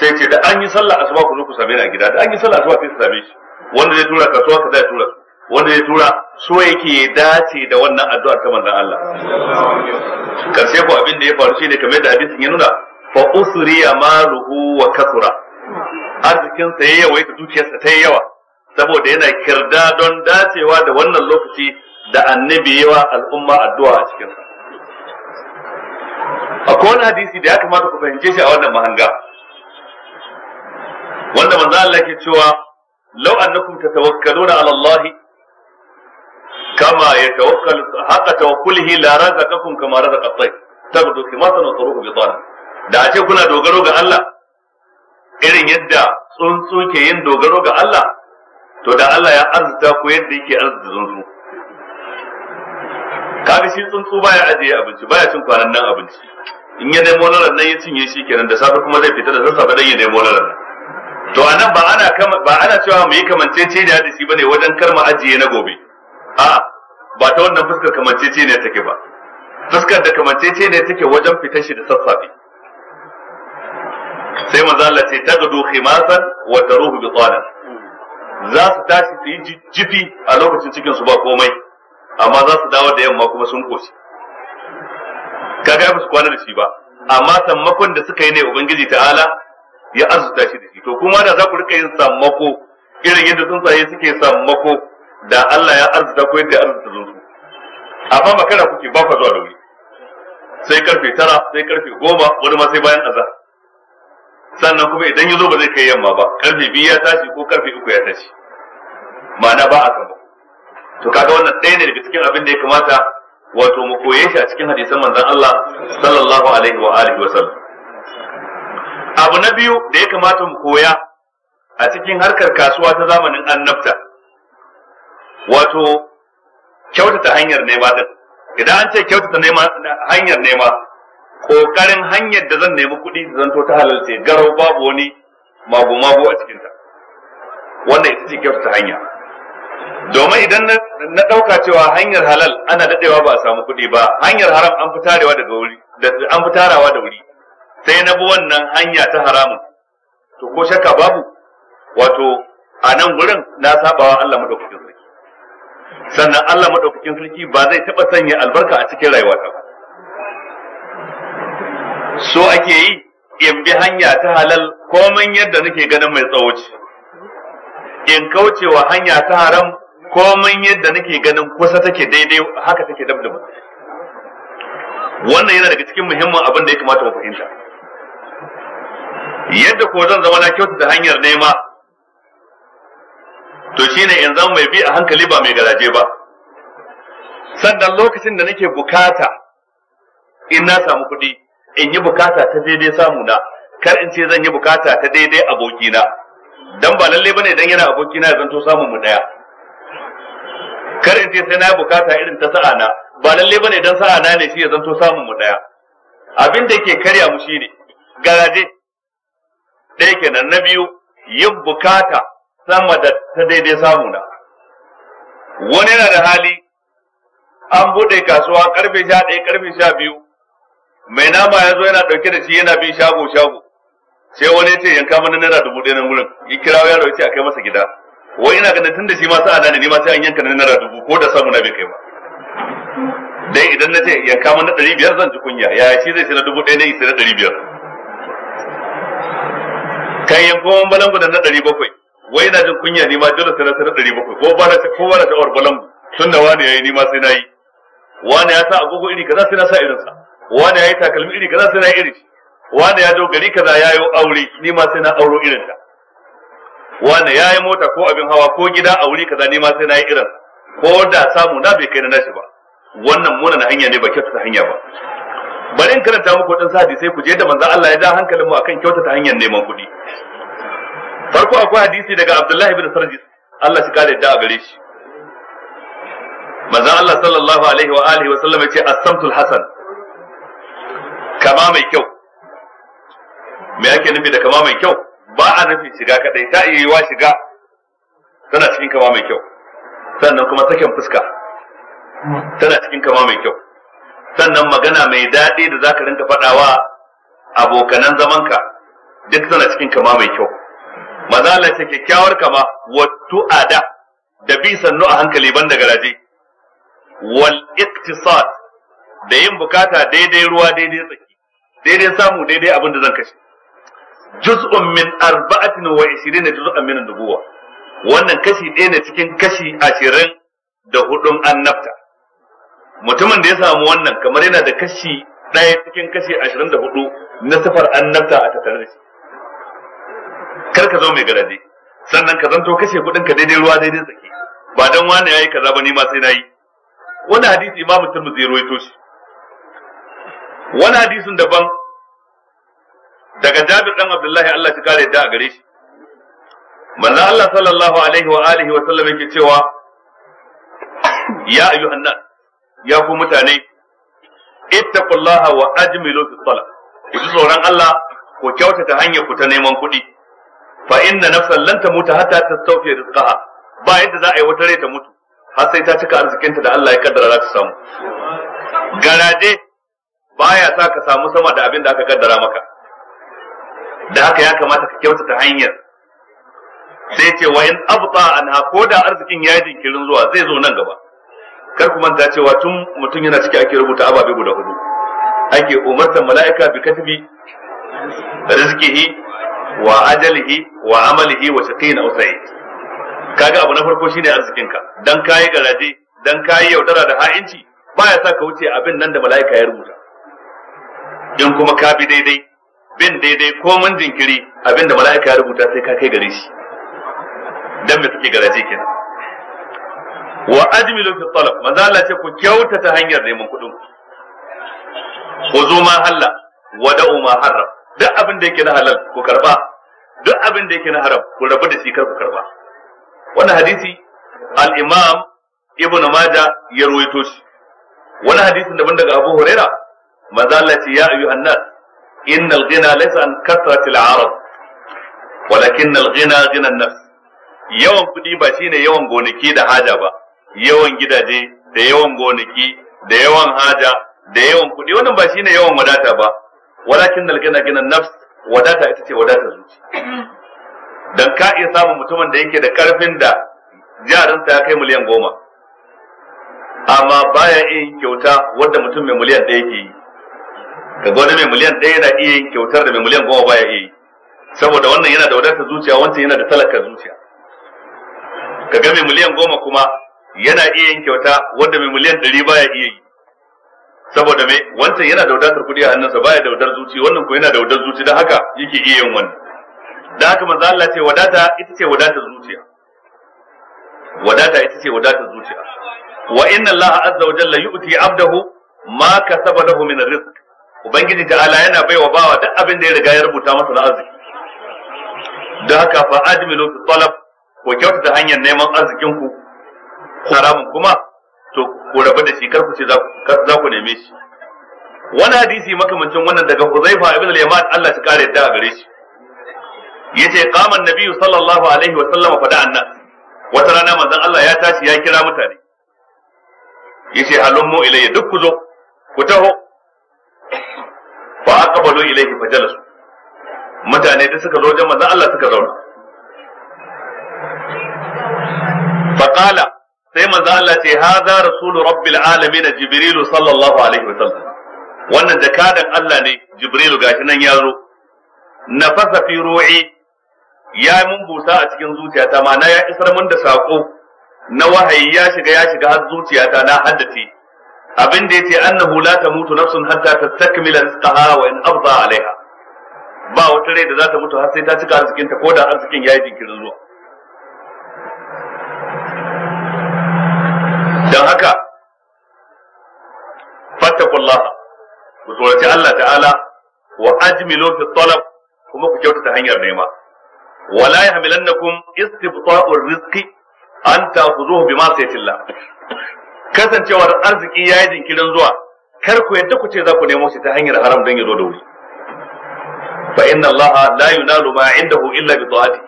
sai ce da an yi sallah asuba ku zo ku same ni a gida da an yi sallah asuba sai su same shi wanda zai tura kasuwa ka zai tura su wanda zai tura so yake dace da wannan addu'a ta manzon Allah karshe ko abin da ya faru shine kamar da hadisin ya nuna fa ya maluhu wa kasura arzikin sa yayi yawa dukiyarsa ta yawa saboda yana kirda don dacewa da wannan lokaci da annabi yawa al'umma addu'a a cikin sa akwai wani hadisi da ya kamata ku fahimce shi a wannan mahanga wanda manzo Allah ke cewa law annakum tatawakkaluna ala Allah kama yatawakkal haqa tawakkulihi la razaqakum kama razaqat tayy tabdu kama tanzuru bi bi da a ce kuna dogaro ga Allah irin yadda tsuntsu ke yin dogaro ga Allah to da Allah ya arzuta ku yadda yake arzuta tsuntsu kaga shi tsuntsu baya ajiye abinci baya cin kwanan nan abinci in ya nemo lalar nan ya cinye shi kenan da safe kuma zai fita da sassafe dan ya nemo lalar nan to anan ba ana ba ana cewa mu yi kamancece da hadisi bane wajen karma ajiye na gobe a ba ta wannan fuskar kamancece ne take ba fuskar da kamancece ne take wajen fitar shi da sassafe sai manzo Allah ce tagdu khimasan wa taruhu bi za su tashi su yi jifi a lokacin cikin su ba komai amma za su dawo da yamma kuma sun koshi kaga ba su kwana da shi ba amma sammakon da suka yi ne ubangiji ta'ala ya azuta shi da shi to kuma da za ku rika yin sammako irin yadda tsuntsaye suke sammako da Allah ya arzuta ko yadda ya arzuta zunsu amma makara kuke ba ku zuwa da wuri sai karfe tara sai karfe goma wani ma sai bayan azhar sannan kuma idan ya zo ba zai kai yamma ba karfe biyu ya tashi ko karfe uku ya tashi ma'ana ba a sammako to kaga wannan ɗaya ne daga cikin abin da ya kamata wato mu koye shi a cikin hadisan manzon Allah sallallahu alaihi wa alihi wa abu na biyu da ya kamata mu koya a cikin harkar kasuwa ta zamanin annabta wato kyautata hanyar nema din idan an ce kyautata nema hanyar nema kokarin hanyar da zan nemi kuɗi to ta halalce garau babu wani magu-magu a cikinta wannan ita ce kyautata hanya domin idan na ɗauka cewa hanyar halal ana daɗewa ba a samu kuɗi ba hanyar haram an fi tarewa daga wuri an fi tarawa da wuri sai na bi wannan hanya ta haramun to ko shakka babu wato a nan gurin na wa Allah madaukakin sarki sannan Allah madaukakin sarki ba zai taɓa sanya albarka a cikin rayuwata ba so ake yi in bi hanya ta halal komai yadda nake ganin mai tsawoci. in kaucewa hanya ta haram mun yadda nake ganin kusa take daidai haka take dabdab wannan yana daga cikin muhimmin abin da ya kamata mu fahimta yadda ko zan zama na kyautata hanyar nema to shine in zama mai bi a hankali ba mai garaje ba sannan lokacin da nake bukata in na samu kuɗi in yi bukata ta daidai samu na kar in ce zan yi bukata ta daidai abokina dan ba lalle bane dan yana aboki na zanto samun mu daya kar in ce sai na bukata irin ta sa'a na ba lalle bane dan sa'a na ne shi ya zanto samun mu daya abin da yake karya mu shine garaje ɗaya kenan na biyu yin bukata sama da ta daidai samu na wani yana da hali an buɗe kasuwa karfe sha ɗaya karfe sha biyu mai nama ya zo yana ɗauke da shi yana bin shago shago sai wani ya ce yanka mana naira dubu ɗaya nan wurin, ya kira yaro ya ce a kai masa gida wai ina ganin tun da shi ma sa'a na ne ni ma sai an yanka na naira dubu ko da samu na bai kai ba dai idan na ce yanka mana ɗari biyar zan ji kunya yaya shi zai sai dubu ɗaya ne isa na ɗari biyar kan yanko man balangu da na ɗari bakwai wai ina jin kunya ni ma dole sai na ɗari bakwai ko ba na ko ba na balangu tun da wani ya yi ni ma sai na yi wani ya sa agogo iri kaza sai na sa irinsa wani ya yi takalmi iri kaza sai na yi irin shi Wanda ya zo gari kaza ya yi aure ni ma sai na auro irin ta Wanda ya yi mota ko abin hawa ko gida a wuri kaza ni ma sai na yi irin ko da samu na bai kai na nashi ba wannan muna na hanya ne ba kyautata hanya ba bari in karanta muku wadansu hadisai ku je da manzo Allah ya da hankalin mu akan kyautata hanyar neman kuɗi farko akwai hadisi daga Abdullahi bin Sarjis Allah shi kare da a gare shi manzo Allah sallallahu alaihi wa alihi wa sallam ya ce as-samtul hasan kama mai kyau me ake nufi da kama mai kyau ba a nufin shiga kadai ta iya yiwa shiga tana cikin kama mai kyau sannan kuma sakin fuska tana cikin kama mai kyau sannan magana mai daɗi da zaka rinka faɗawa abokanan zamanka duk tana cikin kama mai kyau maza Allah ce kyakkyawar kama wattu ada da bi sannu a hankali ban da garaje wal iktisad da yin bukata daidai ruwa daidai tsaki daidai samu daidai abin da zan kashe juz'un min arba'atin wa 20 juz'an min nubuwa wannan kashi ɗaya ne cikin kashi ashirin da hudun annabta mutumin da ya samu wannan kamar yana da kashi ɗaya cikin kashi ashirin da hudu na sifar annabta a tattare da shi kar ka zo mai garaje sannan ka zanto kashe kuɗin ka daidai ruwa daidai tsaki ba dan wani yayi kaza ba ni ma sai nayi wani hadisi imamu tirmidhi ya rawaito shi wani hadisin daban daga Jabir dan Abdullahi Allah shi kare da a gare shi manzo Allah sallallahu alaihi wa alihi wa sallam yake cewa ya ayyuhan nas ya ku mutane ittaqullaha wa ajmilu fi salat ku ji tsoron Allah ku kyautata hanyar ku ta neman kuɗi fa inna nafsan lan tamuta hatta tastawfi rizqaha ba yadda za a yi wata rai ta mutu har sai ta cika arzikinta da Allah ya kaddara za ta samu garaje baya sa ka samu sama da abin da aka kaddara maka da haka ya kamata ka kyautata hanyar sai ce wa in abta anha ko da arzikin ya jinkirin zuwa zai zo nan gaba kar ku manta cewa tun mutum yana ciki ake rubuta ababe guda hudu ake umartar mala'ika bi katibi rizqihi wa ajalihi wa amalihi wa shaqina usai kaga abu na farko shine arzikin ka dan kai garaje dan kai yaudara da ha'inci baya sa ka wuce abin nan da mala'ika ya rubuta in kuma ka bi daidai bin daidai komin jinkiri abinda mala'ika ya rubuta sai ka kai gare shi dan me suke garaje kenan wa ajmilu fi talab manzo ce ku kyautata hanyar neman kuɗin ku zo ma halla wa da'u ma haram duk abin da yake na halal ku karba duk abin da yake na haram ku rabu da shi kar ku karba wannan hadisi al-imam ibn majah ya ruwaito shi wani hadisin daban daga abu huraira manzo Allah ce ya ayyuhan nas إن الغنى ليس عن كثرة العرب ولكن الغنى غنى النفس yawan kuɗi ba shine yawan gonaki da haja ba yawan gidaje da yawan gonaki da yawan haja da yawan kuɗi wannan ba shine yawan wadata ba الغنى غنى النفس nafs wadata ita ce zuci dan ka iya samun mutumin da yake da karfin da jarinsa ya kai miliyan goma amma baya yin kyauta wadda mutum mai miliyan ɗaya ke yi Ka ga wani mai miliyan ɗaya yana iya yin kyautar da mai miliyan goma baya iya yi saboda wannan yana da wadatar zuciya wancan yana da talakar zuciya Ka ga mai miliyan goma kuma yana iya yin kyauta wanda mai miliyan ɗari baya iya yi saboda mai wancan yana da wadatar kuɗi a hannunsa baya da wadatar zuci wannan ko yana da wadatar zuci don haka yake iya yin wannan da haka manzo Allah ce wadata ita ce wadatar zuciya wadata ita ce wadatar zuciya wa inna Allah azza wa jalla yu'ti 'abdahu ma kasaba lahu min rizq ubangiji ta'ala yana baiwa bawa duk abin da ya riga ya rubuta masa na arziki da haka fa adminu fi talab ko kyautata hanyar neman arzikin ku haramun kuma to ku rabu da shi kar ku ce za ku neme shi wani hadisi makamancin wannan daga Huzaifa ibn al-Yaman Allah shi kare yadda a gare shi yace qama an-nabi sallallahu alaihi wa sallam fa an nas wata rana manzon Allah ya tashi ya kira mutane yace halummu ilayya duk ku zo ku taho aqbalu ilayhi fajalasu mutane da suka zo wajen manzon Allah suka zauna faqala sai manzon Allah ce hadha rasulu rabbil alamin jibril sallallahu alaihi wa sallam wannan jakadan Allah ne jibril gashi nan ya zo nafasa fi ru'i ya mun busa a cikin zuciyata ma'ana ya isar min da saƙo. na wahayi ya shiga ya shiga har zuciyata na haddace abin da yace annahu la tamutu nafsun hatta tastakmila rizqaha wa in abda alaiha ba wata rai da za ta mutu har sai ta cika arzikin ta ko da arzikin yayi jinkirin zuwa dan haka fattaqullah ku tsoraci Allah ta'ala wa ajmilu fi talab kuma ku kyautata hanyar nema wala yahmilannakum istibta'ur rizqi an ta'khuduhu bima sayatillah kasancewar arziki ya yi jinkirin zuwa kar ku yadda ku ce za ku nemo shi ta hanyar haram don ya zo da wuri fa inna Allah la yunalu ma indahu illa bi ta'ati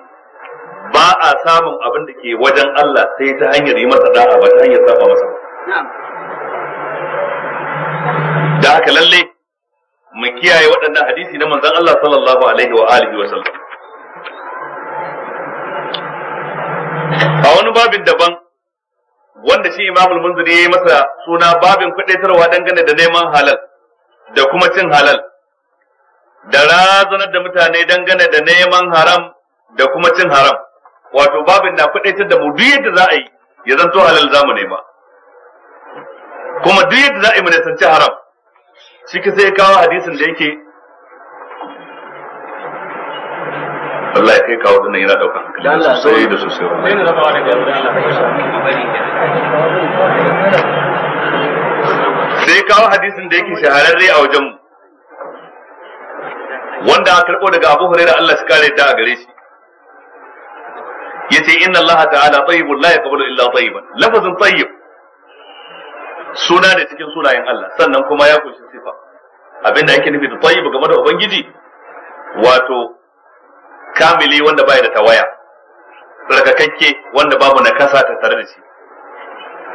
ba a samun abin da ke wajen Allah sai ta hanyar yi masa da'a ba ta hanyar saba masa da haka lalle mu kiyaye waɗannan hadisi na manzon Allah sallallahu alaihi wa alihi wa sallam a wani babin daban wanda shi imamul munziri ya yi masa suna babin kudaitarwa dangane da neman halal da kuma cin halal da razanar da mutane dangane da neman haram da kuma cin haram wato babin na kudaitar da mu duk yadda za a yi ya zanto halal za mu nema kuma duk yadda za a yi mu nisanci haram shi sai kawo hadisin da yake Allah ya kai kawo dinnan yana daukan hankali sosai da sosai sai kawo hadisin da yake shahararre a wajen mu wanda aka karɓo daga Abu Hurairah Allah shi kare ta a gare shi yace inna Allah ta'ala tayyibun la yaqbalu illa tayyiban lafazin tayyib suna ne cikin sunayen Allah sannan kuma ya kunshi sifa abinda ake nufi da tayyib game da ubangiji wato kamili wanda baya da tawaya tsarkakakke wanda babu na kasa ta tare da shi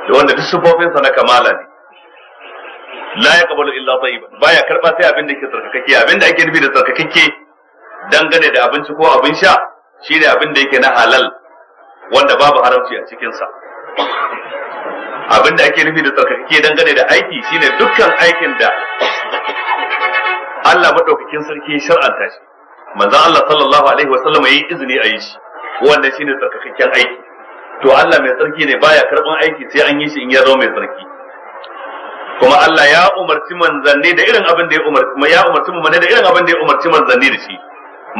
da wanda duk sufofinsa na kamala ne la ya kabalu illa tayyiban baya karba sai abin da ke tsarkakakke abin da ake nufi da tsarkakakke dangane da abinci ko abin sha shine abin da yake na halal wanda babu haramci a cikin sa abin da ake nufi da tsarkakakke dangane da aiki shine dukkan aikin da Allah madaukakin sarki shar'anta shi manzon Allah sallallahu alaihi wa sallam yayi izini a yi shi wannan shine tsarkakakken aiki to Allah mai tsarki ne baya karban aiki sai an yi shi in ya zama mai tsarki kuma Allah ya umarci manzanni da irin abin da ya umarci ya umarci mu da irin abin da ya umarci manzanni da shi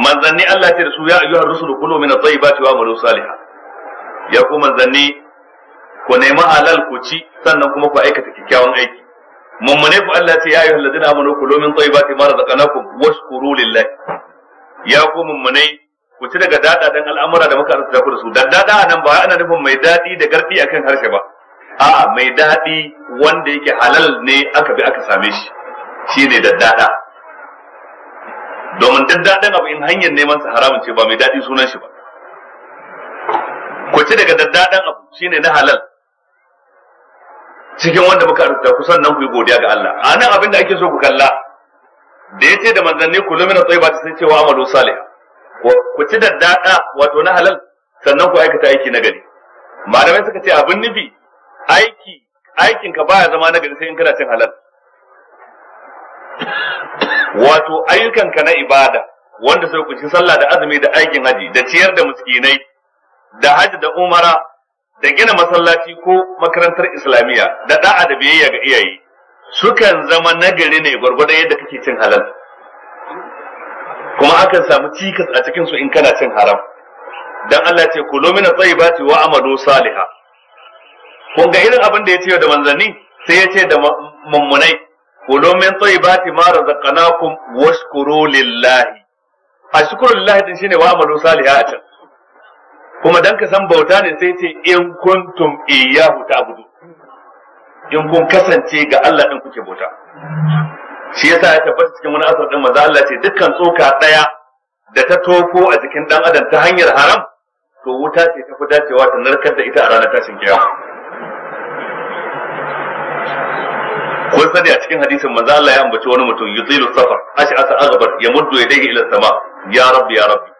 manzanni Allah ce da su ya ayyuhar rusulu kulu min at-tayyibati wa amalu salihan ya ku manzanni ku nemi halal ku ci sannan kuma ku aikata kyakkyawan aiki mummune ku Allah ce ya ayyuhal ladina amanu kulu min tayyibati ma razaqnakum washkuru lillahi ya ku mummunai ku ci daga dada dan al'amura da muka arzuta ku da su dan dada nan ba ana nufin mai dadi da gardi akan harshe ba a'a mai dadi wanda yake halal ne aka bi aka same shi shine daddada domin daddadan abu in hanyar neman sa haramun ce ba mai dadi sunan shi ba ku ci daga daddadan abu shine na halal cikin wanda muka arzuta ku sannan ku yi godiya ga Allah a nan abin da ake so ku kalla da ya ce da manzanni kullu min ba ta sai cewa wa amalu salih ku ci da daɗa wato na halal sannan ku aikata aiki na gari malamai suka ce abin nufi aiki aikin ka baya zama na gari sai in kana cin halal wato ayyukan ka na ibada wanda sai ku ci sallah da azumi da aikin haji da ciyar da miskinai da haji da umara da gina masallaci ko makarantar islamiyya da da'a da biyayya ga iyaye sukan zama nagari ne gwargwado yadda kake cin halal kuma akan samu cikas a cikin su in kana cin haram dan Allah ce kulo mina tsayibati wa amalu salihah kun ga irin abin da ya ce da manzanni sai ya ce da mummunai kulo min tsayibati ma razaqnakum washkuru lillahi a shukuru lillahi din shine wa amalu salihah a can kuma dan ka san bauta ne sai ce in kuntum iyyahu ta'budu in kun kasance ga Allah ɗin kuke bauta shi yasa ya tabbata cikin wani asar ɗin maza Allah ce dukkan tsoka ɗaya da ta toko a jikin ɗan adam ta hanyar haram to wuta ce ta fi dacewa ta narkar da ita a ranar tashin kiyama kun sani a cikin hadisin maza Allah ya ambaci wani mutum yutilu safar ashi asa aghbar ya ya yadayhi ila sama ya rabbi ya rabbi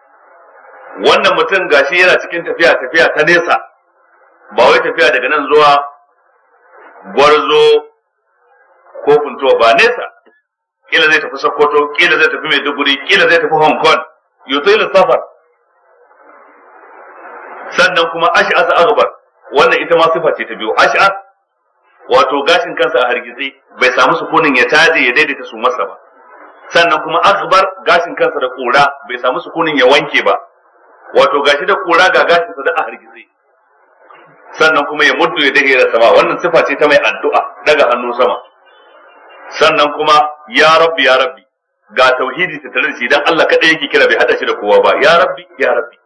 wannan mutum gashi yana cikin tafiya tafiya ta nesa ba wai tafiya daga nan zuwa gwarzo ko kuntuwa ba nesa kila zai tafi sokoto kila zai tafi maiduguri kila zai tafi hong kong yutailu safar sannan kuma ash'as aghbar wannan ita ma sifa ce ta biyu ash'as wato gashin kansa a hargitse bai samu sukunin ya taje ya daidaita su masa ba sannan kuma aghbar gashin kansa da kura bai samu sukunin ya wanke ba wato gashi da kura ga gashin sa da a hargitse sannan kuma ya muddu ya dahe da sama wannan sifa ce ta mai addu'a daga hannu sama sannan kuma ya rabbi ya rabbi ga tauhidi ta tare da shi dan Allah kadai yake kira bai hada shi da kowa ba ya rabbi ya rabbi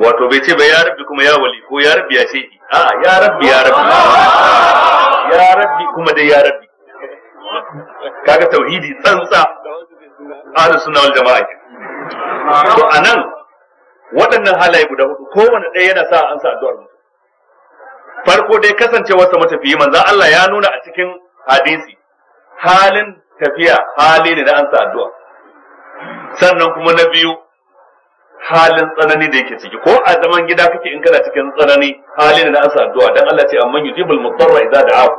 wato bai ce ba ya rabbi kuma ya wali ko ya rabbi ya shehi a ya rabbi ya rabbi ya rabbi kuma dai ya rabbi kaga tauhidi tsantsa ahlus sunna wal jama'a to anan waɗannan halaye guda hudu kowanne ɗaya yana sa an sa addu'ar mutum farko dai kasancewarsa matafiyi manzan Allah ya nuna a cikin hadisi halin tafiya hali ne na ansa addu'a sannan kuma na biyu halin tsanani da yake ciki ko a zaman gida kake in kana cikin tsanani hali ne na ansa addu'a dan Allah ce amman yujibul mudarra idza da'ahu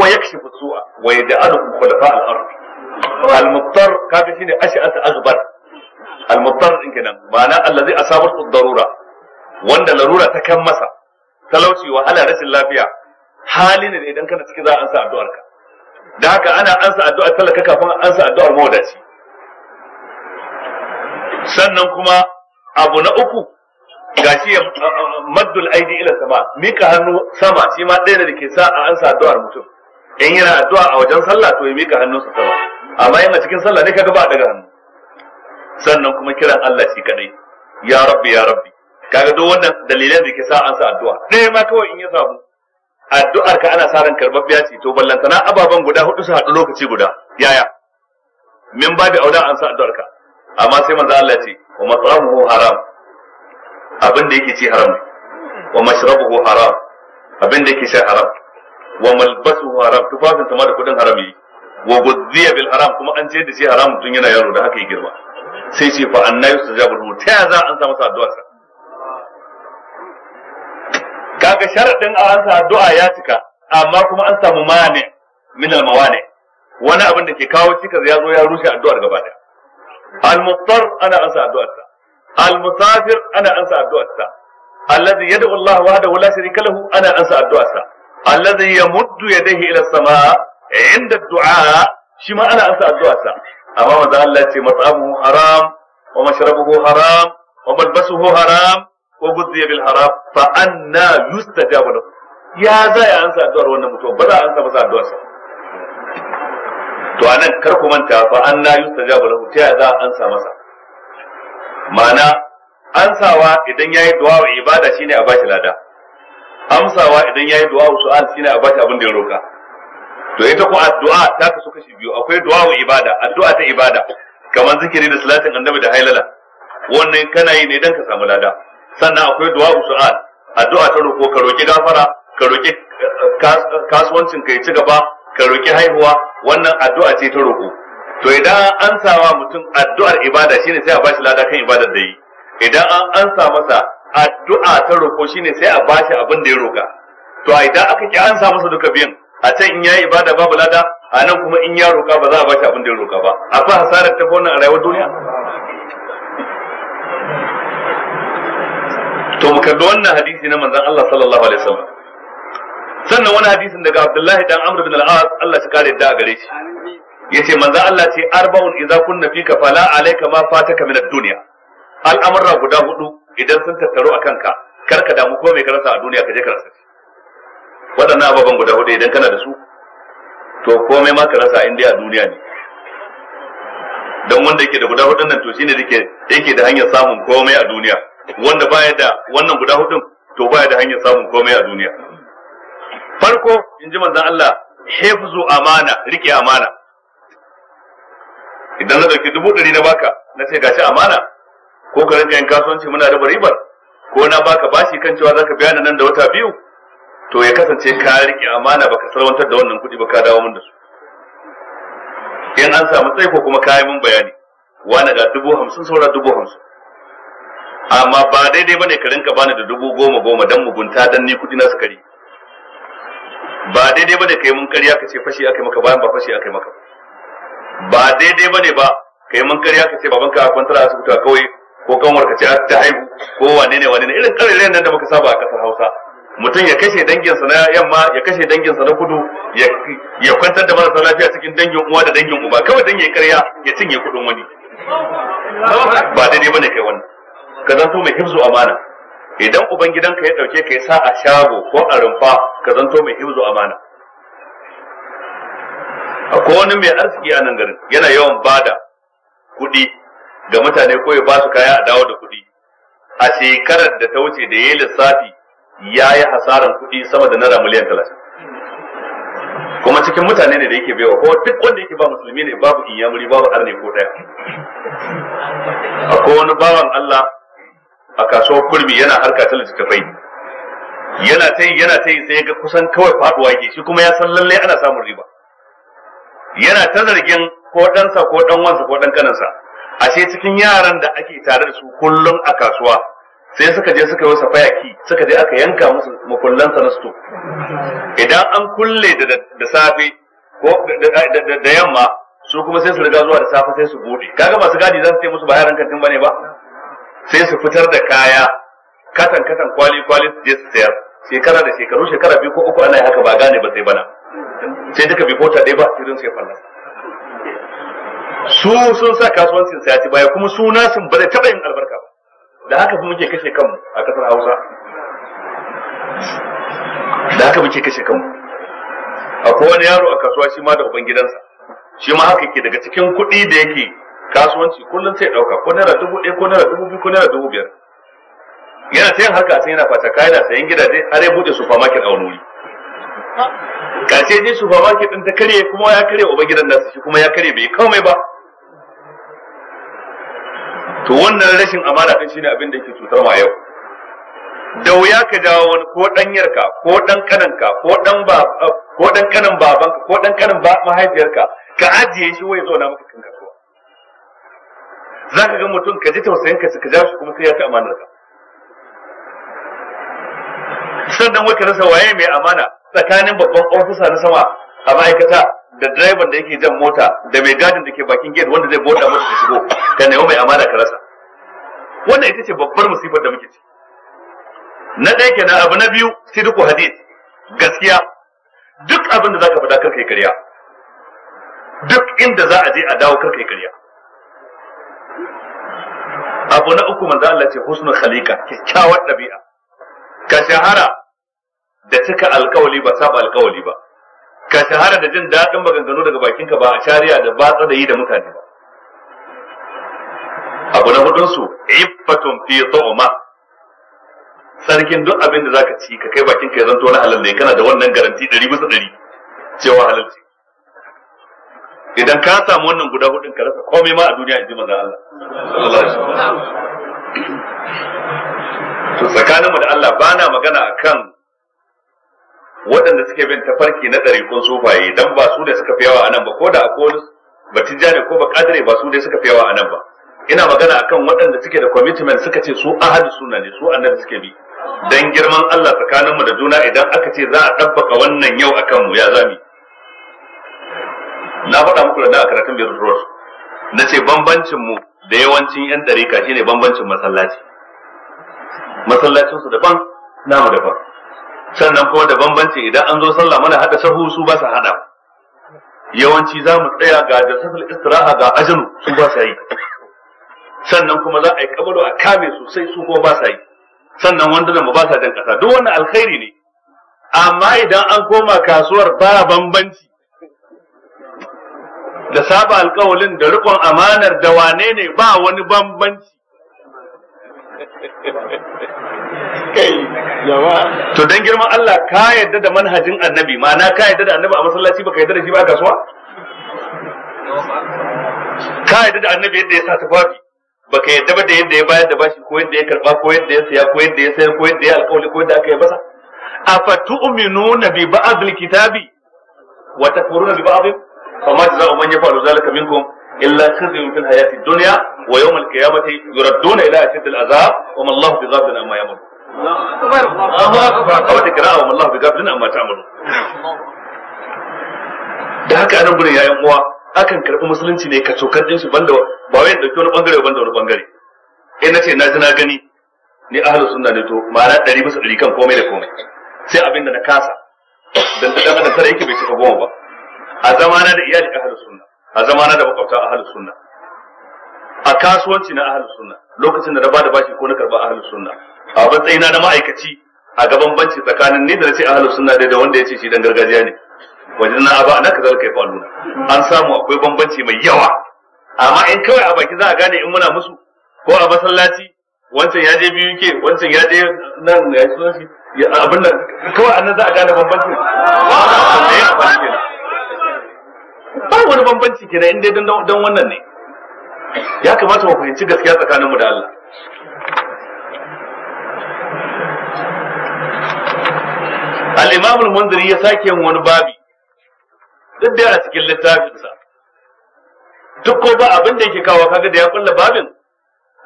wa yakshifu su'a wa yaj'aluhu khulafa al-ard al-mudtar kaga shine ash'at aghbar al-mudtar din kenan ma'ana allazi asabar ad-darura wanda larura ta kan masa talauci wahala rashin lafiya hali ne idan kana ciki za a ansa addu'ar ka da haka ana ansa addu'ar talaka kafin ansa addu'ar mawadaci sannan kuma abu na uku gashi maddul aidi ila sama mika hannu sama shi ma ɗaya da ke sa a ansa addu'ar mutum in yana addu'a a wajen sallah to ya mika hannunsa sama amma yana cikin sallah ne kaga ba daga hannu sannan kuma kiran Allah shi kadai ya rabbi ya rabbi kaga duk wannan dalilan da ke sa an sa addu'a ɗaya ma kawai in ya samu addu'ar ka ana sa ran karbabbiya ce to ballantana ababen guda hudu su haɗu lokaci guda yaya min babi auda an sa addu'ar ka amma sai manzo Allah ce wa matsamuhu haram abin da yake ci haram wa mashrabuhu haram abin da yake sha haram wa malbasuhu haram tufafin sama da kudin haram yi wa guzziya bil haram kuma an ce da shi haram tun yana yaro da haka ya girma sai ce fa annayu sujabu ta ya za an sa masa addu'a kaga sharadin an sa addu'a ya cika amma kuma an samu mani min almawani wani abin da ke kawo cikas ya zo ya rushe addu'ar gaba daya almuftar ana ansa addu'ar sa musafir ana ansa addu'ar sa alladhi yad'u Allah wahdahu la sharika lahu ana ansa addu'ar sa alladhi yamuddu yadayhi ila samaa 'inda dua shi ma ana ansa addu'ar sa amma manzo Allah ce mat'amuhu haram wa mashrabuhu haram wa malbasuhu haram ko guzziya bil haram fa anna yustajabu lahu ya za ya ansa addu'ar wannan mutum ba za a ansa masa addu'ar sa to anan kar ku manta fa anna yustajabu lahu ta ya za a ansa masa ma'ana ansawa idan yayi du'a ibada shine a bashi lada amsawa idan yayi du'a su'al shine a bashi abin da ya roka to ita ko addu'a ta kasu kashi biyu akwai du'a wa ibada addu'a ta ibada kamar zikiri da salatin annabi da hailala wannan kana yi ne idan ka samu lada sannan akwai du'a su'al addu'a ta roƙo ka roki gafara ka roki kasuwancin ka ci gaba ka roki haihuwa wannan addu'a ce ta roƙo. to idan an sawa mutum addu'ar ibada shine sai a bashi lada kan ibadar da yi idan an ansa masa addu'a ta roƙo shine sai a bashi abin da ya roƙa, to idan aka ki sa masa duka biyan a can in yayi ibada babu lada a nan kuma in ya roƙa ba za a bashi abin da ya roƙa ba akwai hasarar ta gona a rayuwar duniya to mu kalli wannan hadisi na manzon Allah sallallahu alaihi wasallam sannan wani hadisin daga Abdullahi dan Amr bin al-As Allah shi kare da gare shi yace manzon Allah ce arba'un idza kunna fika fala alayka ma fataka min ad-dunya al'amurra guda hudu idan sun tattaru a kanka kar ka damu ko mai karasa a duniya ka je ka rasa waɗannan ababen guda hudu idan kana da su to komai ma ka rasa in dai a duniya ne don wanda yake da guda hudun nan to shine yake yake da hanyar samun komai a duniya wanda baya da wannan guda hudun to baya da hanyar samun komai a duniya farko in ji manzan Allah hifzu amana rike amana idan na ɗauki dubu ɗari na baka na ce gashi amana ko ka rage yan kasuwanci muna da ribar ko na baka bashi kan cewa zaka biya nan da wata biyu to ya kasance ka rike amana baka salwantar da wannan kuɗi ba ka dawo mun da su in an samu tsaiko kuma kayan mun bayani wani ga dubu hamsin saura dubu hamsin amma ba daidai bane ka rinka bani da dubu goma goma dan mugunta dan ni kudi na sukari ba daidai bane kai mun karya ka ce fashi akai maka bayan ba fashi akai maka ba daidai bane ba kai mun karya ka ce babanka a kwantar a kauye. ko kanwar ka ce ta haihu ko wane ne wane ne irin karere nan da muka saba a kasar Hausa mutum ya kashe danginsa na yamma ya kashe danginsa na kudu ya kwantar da marasa lafiya cikin dangin uwa da dangin uba kawai dan yayi karya ya cinye kudin wani ba daidai bane kai wannan ka zanto mai hifzu amana idan uban ubangidanka ya dauke ka sa a shago ko a rumfa ka zanto mai hifzu amana akwai wani mai arziki a nan garin yana yawan bada kuɗi ga mutane ko ya ba su kaya a dawo da kuɗi a shekarar da ta wuce da yayi lissafi ya yi hasaran kuɗi sama da naira miliyan talatin kuma cikin mutane ne da yake baiwa kuma duk wanda yake ba musulmi ne babu inyamuri babu arne ko daya akwai wani bawan Allah a kasuwar kurmi yana harka ta littattafai yana ta yi yana ta yi sai ga kusan kawai faduwa yake shi kuma ya san lallai ana samun riba yana ta zargin ko ɗansa ko ɗan wansa ko ɗan kanansa ashe cikin yaran da ake tare da su kullum a kasuwa sai suka je suka yi wasa fayaki suka je aka yanka musu makullansa na sto idan an kulle da safe ko da yamma su kuma sai su riga zuwa da safe sai su bude kaga masu gadi zan ce musu ba yaran kantin bane ba sai su fitar da kaya katan katan kwali kwali su je su sayar shekara da shekaru shekara biyu ko uku ana haka ba gane ba sai bana sai duka bi bota ɗaya ba irin sai fallasa su sun sa kasuwancin sai ci baya kuma su nasin ba zai taɓa yin albarka ba da haka fa muke kashe kanmu a ƙasar Hausa da haka muke kashe kanmu akwai wani yaro a kasuwa shi ma da ubangidansa shi ma haka ke daga cikin kuɗi da yake kasuwanci kullum sai dauka ko naira dubu ɗaya ko naira dubu biyu ko naira dubu biyar yana ta yin haka sai yana fata kayan sayan gidaje har ya bude supermarket a wani wuri kace je supermarket ɗin ta karye kuma ya karye uba gidan nasu shi kuma ya karye bai kawai ba to wannan rashin amana din shine abin da ke cutar ma yau da wuya ka jawo wani ko ɗanyarka ko ɗan kananka ko ɗan ba ko ɗan kanan babanka ko ɗan kanan ba mahaifiyarka ka ajiye shi wai zo na maka kanka za ka ga mutum ka ji tausayin ka ka ja shi kuma sai ya ta amanar ka sannan wai ka rasa waye mai amana tsakanin babban ofisa na sama a ma'aikata da direban da yake jan mota da mai gadin da ke bakin gate wanda zai boda mata da shigo ka nemi mai amana ka rasa wannan ita ce babbar musibar da muke ci na ɗaya kenan abu na biyu sidiku hadith gaskiya duk abin da zaka faɗa karka yi karya duk inda za a je a dawo karka yi karya abu na uku manzo Allah ce husnul khaliqa kyakkyawar dabi'a ka shahara da cika alkawali ba saba alkawali ba ka shahara da jin daɗin maganganu daga bakinka ba a shari'a da batsa da yi da mutane ba abu na hudun su iffatun fi tu'ma sarkin duk abin da zaka ci ka kai bakinka ya zanto na halal ne kana da wannan garanti 100 100 cewa halal idan ka samu wannan guda hudun ka rasa komai ma a duniya in ji manzon Allah da Allah bana magana akan waɗanda suke bin tafarki na ɗarikun sufaye dan ba su da suka fi yawa a nan ba ko da akwai batun jani ko ba kadare ba su dai suka fi yawa a nan ba ina magana akan waɗanda suke da commitment suka ce su ahadu suna ne su annabi suke bi dan girman Allah tsakaninmu da juna idan aka ce za a ɗabbaka wannan yau akan mu ya zami na faɗa muku da a karatun Beirut Road na ce bambancin mu da yawancin yan ɗarika shine bambancin masallaci masallacin su daban namu daban sannan kuma da bambanci idan an zo sallah mana hada sahu su ba su hada yawanci za mu tsaya ga da jalsatul istiraha ga ajinu su ba su yi sannan kuma za a yi kabaro a kame sosai su kuma ba su yi sannan wanda mu ba sa jan kasa duk wannan alkhairi ne amma idan an koma kasuwar ba bambanci da saba alkawalin da rikon amanar da wane ne ba wani bambanci kai to dan girman Allah ka yadda da manhajin annabi ma'ana ka yadda da annabi a masallaci baka yadda da shi ba kasuwa ka yadda da annabi yadda ya sa tufafi baka yadda ba da yadda ya bayar da bashi ko yadda ya karba ko yadda ya saya ko yadda ya sayar ko yadda ya alkawali ko yadda aka yi masa afatu'minuna bi ba'd alkitabi wa takfuruna bi ba'd فما جزاء من يفعل ذلك منكم إلا خزي في الحياة الدنيا ويوم القيامة يردون إلى أشد العذاب وما الله بغافل عما يعمل الله أكبر وما الله بغافل عما تعمل da haka anan gurin yayin uwa akan karɓi musulunci ne ka cokar din ban banda ba wai dauki wani ban da wani ɓangare. in ce na ji na gani ni ahlus sunna ne to ma'ana ɗari bisa ɗari kan komai da komai sai abinda na kasa dan dan da yake bai cika goma ba a zamanar da iyali ahalus sunna a zamanar da makwabta ahalus sunna a kasuwanci na ahalus sunna lokacin da na bada bashi ko na karba ahalus sunna a matsayina na ma'aikaci a gaban banci tsakanin ni da na ce ahlus sunna da wanda ya ce shi dan gargajiya ne wajen na aba na kaza kai faluna an samu akwai bambanci mai yawa amma in kawai a baki za a gane in muna musu ko a masallaci wancan ya je biyu ke wancan ya je nan ya ci abin nan kawai annan za a gane bambancin ba wani bambanci kenan inda dan dan wannan ne ya kamata mu fahimci gaskiya tsakanin mu da Allah al-imam al-munziri ya sake yin wani babi duk da a cikin littafinsa duk ko ba abin da yake kawo kaga da ya kulla babin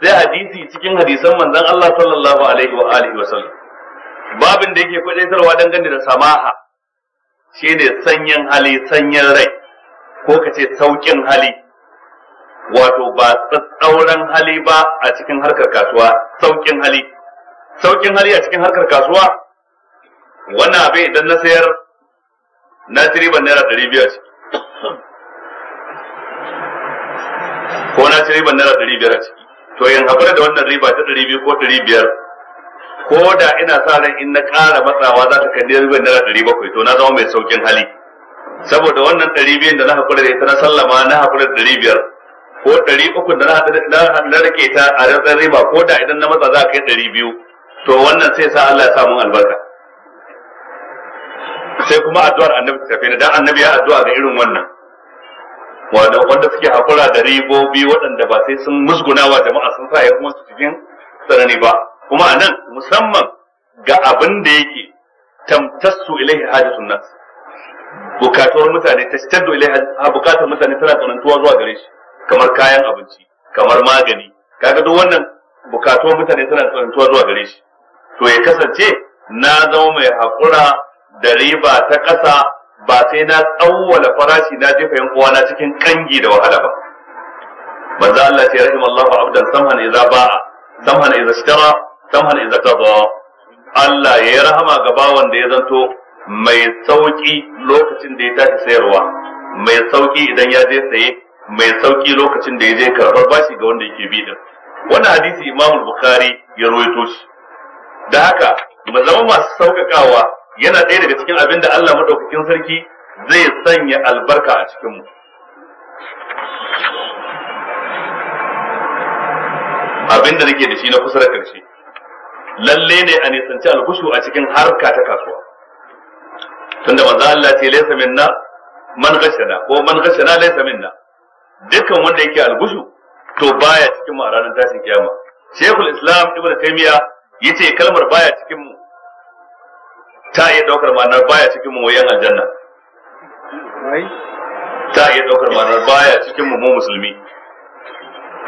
sai hadisi cikin hadisan manzon Allah sallallahu alaihi wa alihi wa sallam babin da yake kwadaitarwa dangane da samaha shine sanyin hali sanyin rai ko ka ce sauƙin hali wato ba tsauran hali ba a cikin harkar kasuwa sauƙin hali sauƙin hali a cikin harkar kasuwa wannan abin idan na sayar na ci naira ɗari biyar ce ko na ci naira ɗari biyar ce to yin haɓar da wannan riba ta ɗari biyu ko ɗari biyar ko da ina sa ran in na ƙara matsawa za ta kalli riban naira ɗari bakwai to na zama mai sauƙin hali saboda wannan ɗari biyun da na haƙura da ita na sallama na haƙura da ɗari biyar ko ɗari uku da na rike ta a rantsar riba ko da idan na matsa za a kai ɗari biyu to wannan sai sa Allah ya samu albarka sai kuma addu'ar annabi ta tafi da annabi ya addu'a ga irin wannan wanda wanda suke haƙura da ribobi waɗanda ba sai sun musgunawa jama'a sun sa ya kuma su cikin tsanani ba kuma anan musamman ga abin da yake tamtassu ilaihi hajatun nas bukatuwar mutane ta taddo ilaiha bukatar mutane tana tsanantuwa zuwa gare shi kamar kayan abinci kamar magani kaga duk wannan bukatuwar mutane tana tsanantuwa zuwa gare shi to ya kasance na zama mai haƙura da riba ta ƙasa ba sai na tsawwala farashi na jefa yan uwana cikin kangi da wahala ba manzo Allah ya rahim Allahu abdan samhan idza ba'a samhan idza ishtara samhan idza tada Allah ya rahama ga bawon da ya zanto mai sauƙi lokacin da ya tashi sayarwa mai sauƙi idan ya je saye mai sauƙi lokacin da ya je karɓar bashi ga wanda yake bi din wannan hadisi imam bukhari ya rawaito shi da haka mu zama masu sauƙaƙawa yana ɗaya daga cikin abin da Allah madaukakin sarki zai sanya albarka a cikin mu abin da nake da shi na kusa da karshe lalle ne a nisanci alkushu a cikin harka ta kasuwa tunda manzo Allah ce laysa minna man ghashana ko man ghashana laysa minna dukkan wanda yake algushu to baya cikin mu a ranar tashin kiyama Sheikhul Islam Ibn Taymiyyah yace kalmar baya cikin mu ta iya daukar ma'anar baya cikin mu wayan aljanna ta iya daukar ma'anar baya cikin mu mu musulmi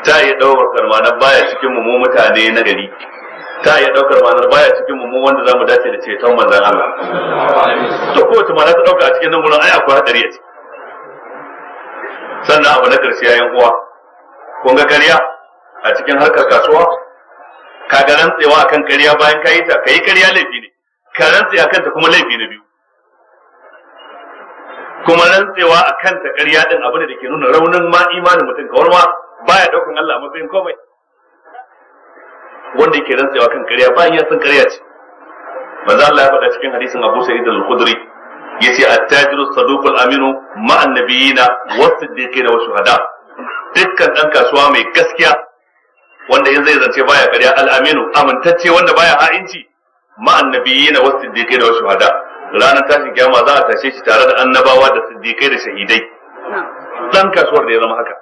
ta iya daukar ma'anar baya cikin mu mu mutane na gari ta iya daukar ma'anar baya cikin mummun wanda zamu dace da ceton manzon Allah to kowace ma'ana ta dauka a cikin nan gurin ai akwai hadari a ciki sannan abu na karshe yayin uwa kun ga kariya a cikin harkar kasuwa ka ga rantsewa akan kariya bayan ka yi ta ka kariya laifi ne ka rantse akan ta kuma laifi na biyu kuma rantsewa akan ta kariya din abu ne da ke nuna raunin ma imanin mutum kawar ma baya daukan Allah a matsayin komai wanda yake rantsewa kan kariya bayan ya san kariya ce manzo Allah ya faɗa cikin hadisin Abu Sa'id al-Khudri yace at-tajiru saduqul aminu ma'an nabiyina was-siddiqina wash-shuhada dukkan dan kasuwa mai gaskiya wanda yanzu zai zance baya kariya al-aminu amintacce wanda baya ha'inci ma'an nabiyina was-siddiqina wash-shuhada ranar tashin kiyama za a tashe shi tare da annabawa da siddiqai da shahidai dan kasuwar da ya zama haka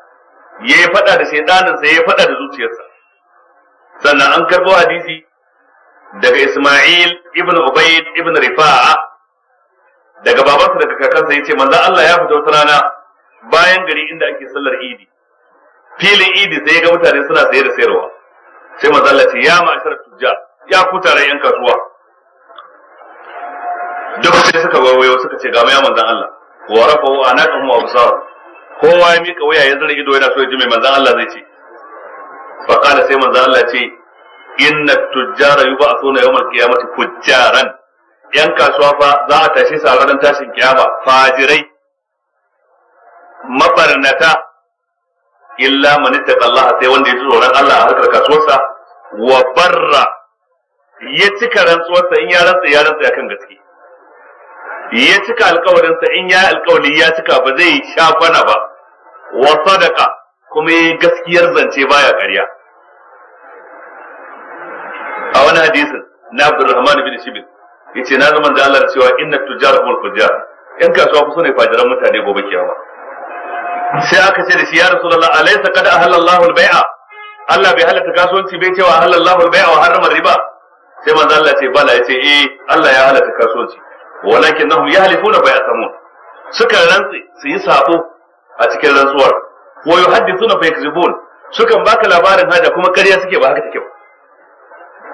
yayi faɗa da shaidaninsa ya faɗa da zuciyarsa sannan an karbo hadisi daga Isma'il ibn Ubayd ibn Rifa'a daga babansa daga kakansa yace manzo Allah ya fito wata rana bayan gari inda ake sallar Idi filin Idi sai ga mutane suna saye da sayarwa sai manzo Allah ce ya ma'ashar tujja ya ku tare yan kasuwa duk sai suka wayo suka ce ga mai manzo Allah wa rafa'u anaqahum wa absar kowa ya mika waya ya zira ido yana so ya ji mai manzo Allah zai ce fa qala sai manzo Allah ce inna tujjara yub'athuna yawmal qiyamati fujjaran yan kasuwa fa za a tashi su a ranar tashin kiyama fajirai maɓarnata, illa man ittaqallaha sai wanda ya ji tsoron Allah a harkar kasuwarsa wa ya cika rantsuwarsa in ya rantsa ya rantsa gaske ya cika alkawarinsa in ya alkawari ya cika ba zai sha kwana ba wa sadaka kuma yi gaskiyar zance baya ƙarya a wani hadisin na rahman bin Shibin yace na zaman da Allah cewa inna tujjar kuma fujjar yan kasuwa kusa ne fajiran mutane gobe kiyama sai aka ce da shi ya rasulullah alaysa qad ahallallahu al-bai'a Allah bai halatta kasuwanci bai cewa ahallallahu al-bai'a wa harrama riba sai manzo Allah ce bala yace eh Allah ya halatta kasuwanci walakinnahum yahlifuna bai'a samun suka rantsi su yi sabo a cikin rantsuwar wa yuhaddithuna fa yakzibun sukan baka labarin haja kuma ƙarya suke ba haka take ba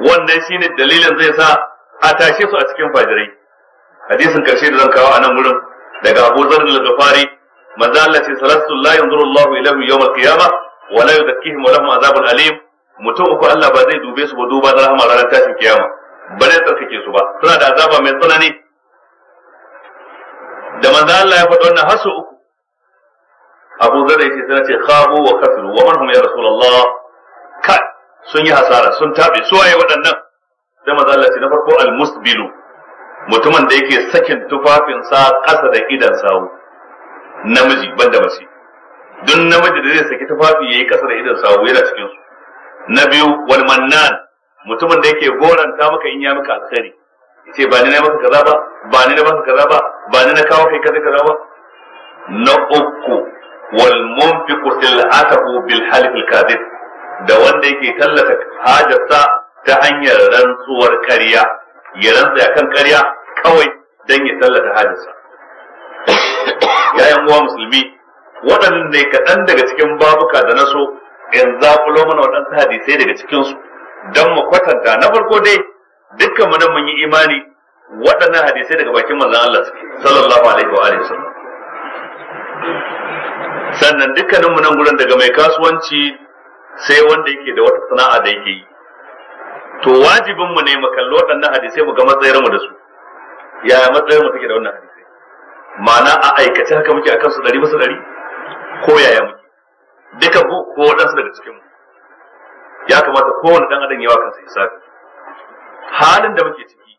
wannan shine dalilin zai sa a tashe su a cikin fajirai hadisin karshe da zan kawo a nan wurin daga Abu Zar al-Ghafari manzo Allah ce salatu la yanzuru Allah ilayhim yawm al-qiyamah wa la yuzakkihim wa lahum azabun alim mutum uku Allah ba zai dube su ba duba da rahama ranar tashin kiyama ba zai tsarkake su ba suna da azaba mai tsanani da manzo Allah ya faɗa wannan hasu uku abu zar yace sai ce khabu wa kafiru wa man hum ya rasulullah ka sun yi hasara sun tabe su waye waɗannan sai manzo Allah ce na farko al musbilu mutumin da yake sakin tufafinsa ƙasa da idan sawu namiji banda mace duk namiji da zai saki tufafi yayi ƙasa da idan sawu yana cikin su na biyu wal mannan mutumin da yake goranta maka in ya maka alkhairi ce ba ni na maka kaza ba ba ni na maka kaza ba ba ni na kawo kai kaza kaza ba na uku wal munfiqu sil'atahu bil halif al da wanda yake tallata hajarsa ta hanyar rantsuwar kariya, ya rantsa kan kariya kawai dan ya tallata hajarsa yayan uwa musulmi waɗannan ne kaɗan daga cikin babuka da na so in ku mana waɗansu hadisai daga cikinsu don mu kwatanta na farko dai dukkan mu nan mun yi imani waɗannan hadisai daga bakin manzon Allah sallallahu alaihi wa alihi sannan dukkaninmu nan gurin daga mai kasuwanci sai wanda yake da wata sana'a da yake yi to wajibinmu ne mu kalli waɗannan hadisai mu ga matsayarmu da su yaya matsayarmu take da wannan hadisai ma'ana a aikace haka muke akan su dari masu dari ko yaya muke duka bu ko waɗansu daga cikinmu ya kamata kowane ɗan adam yawa kansa hisabi halin da muke ciki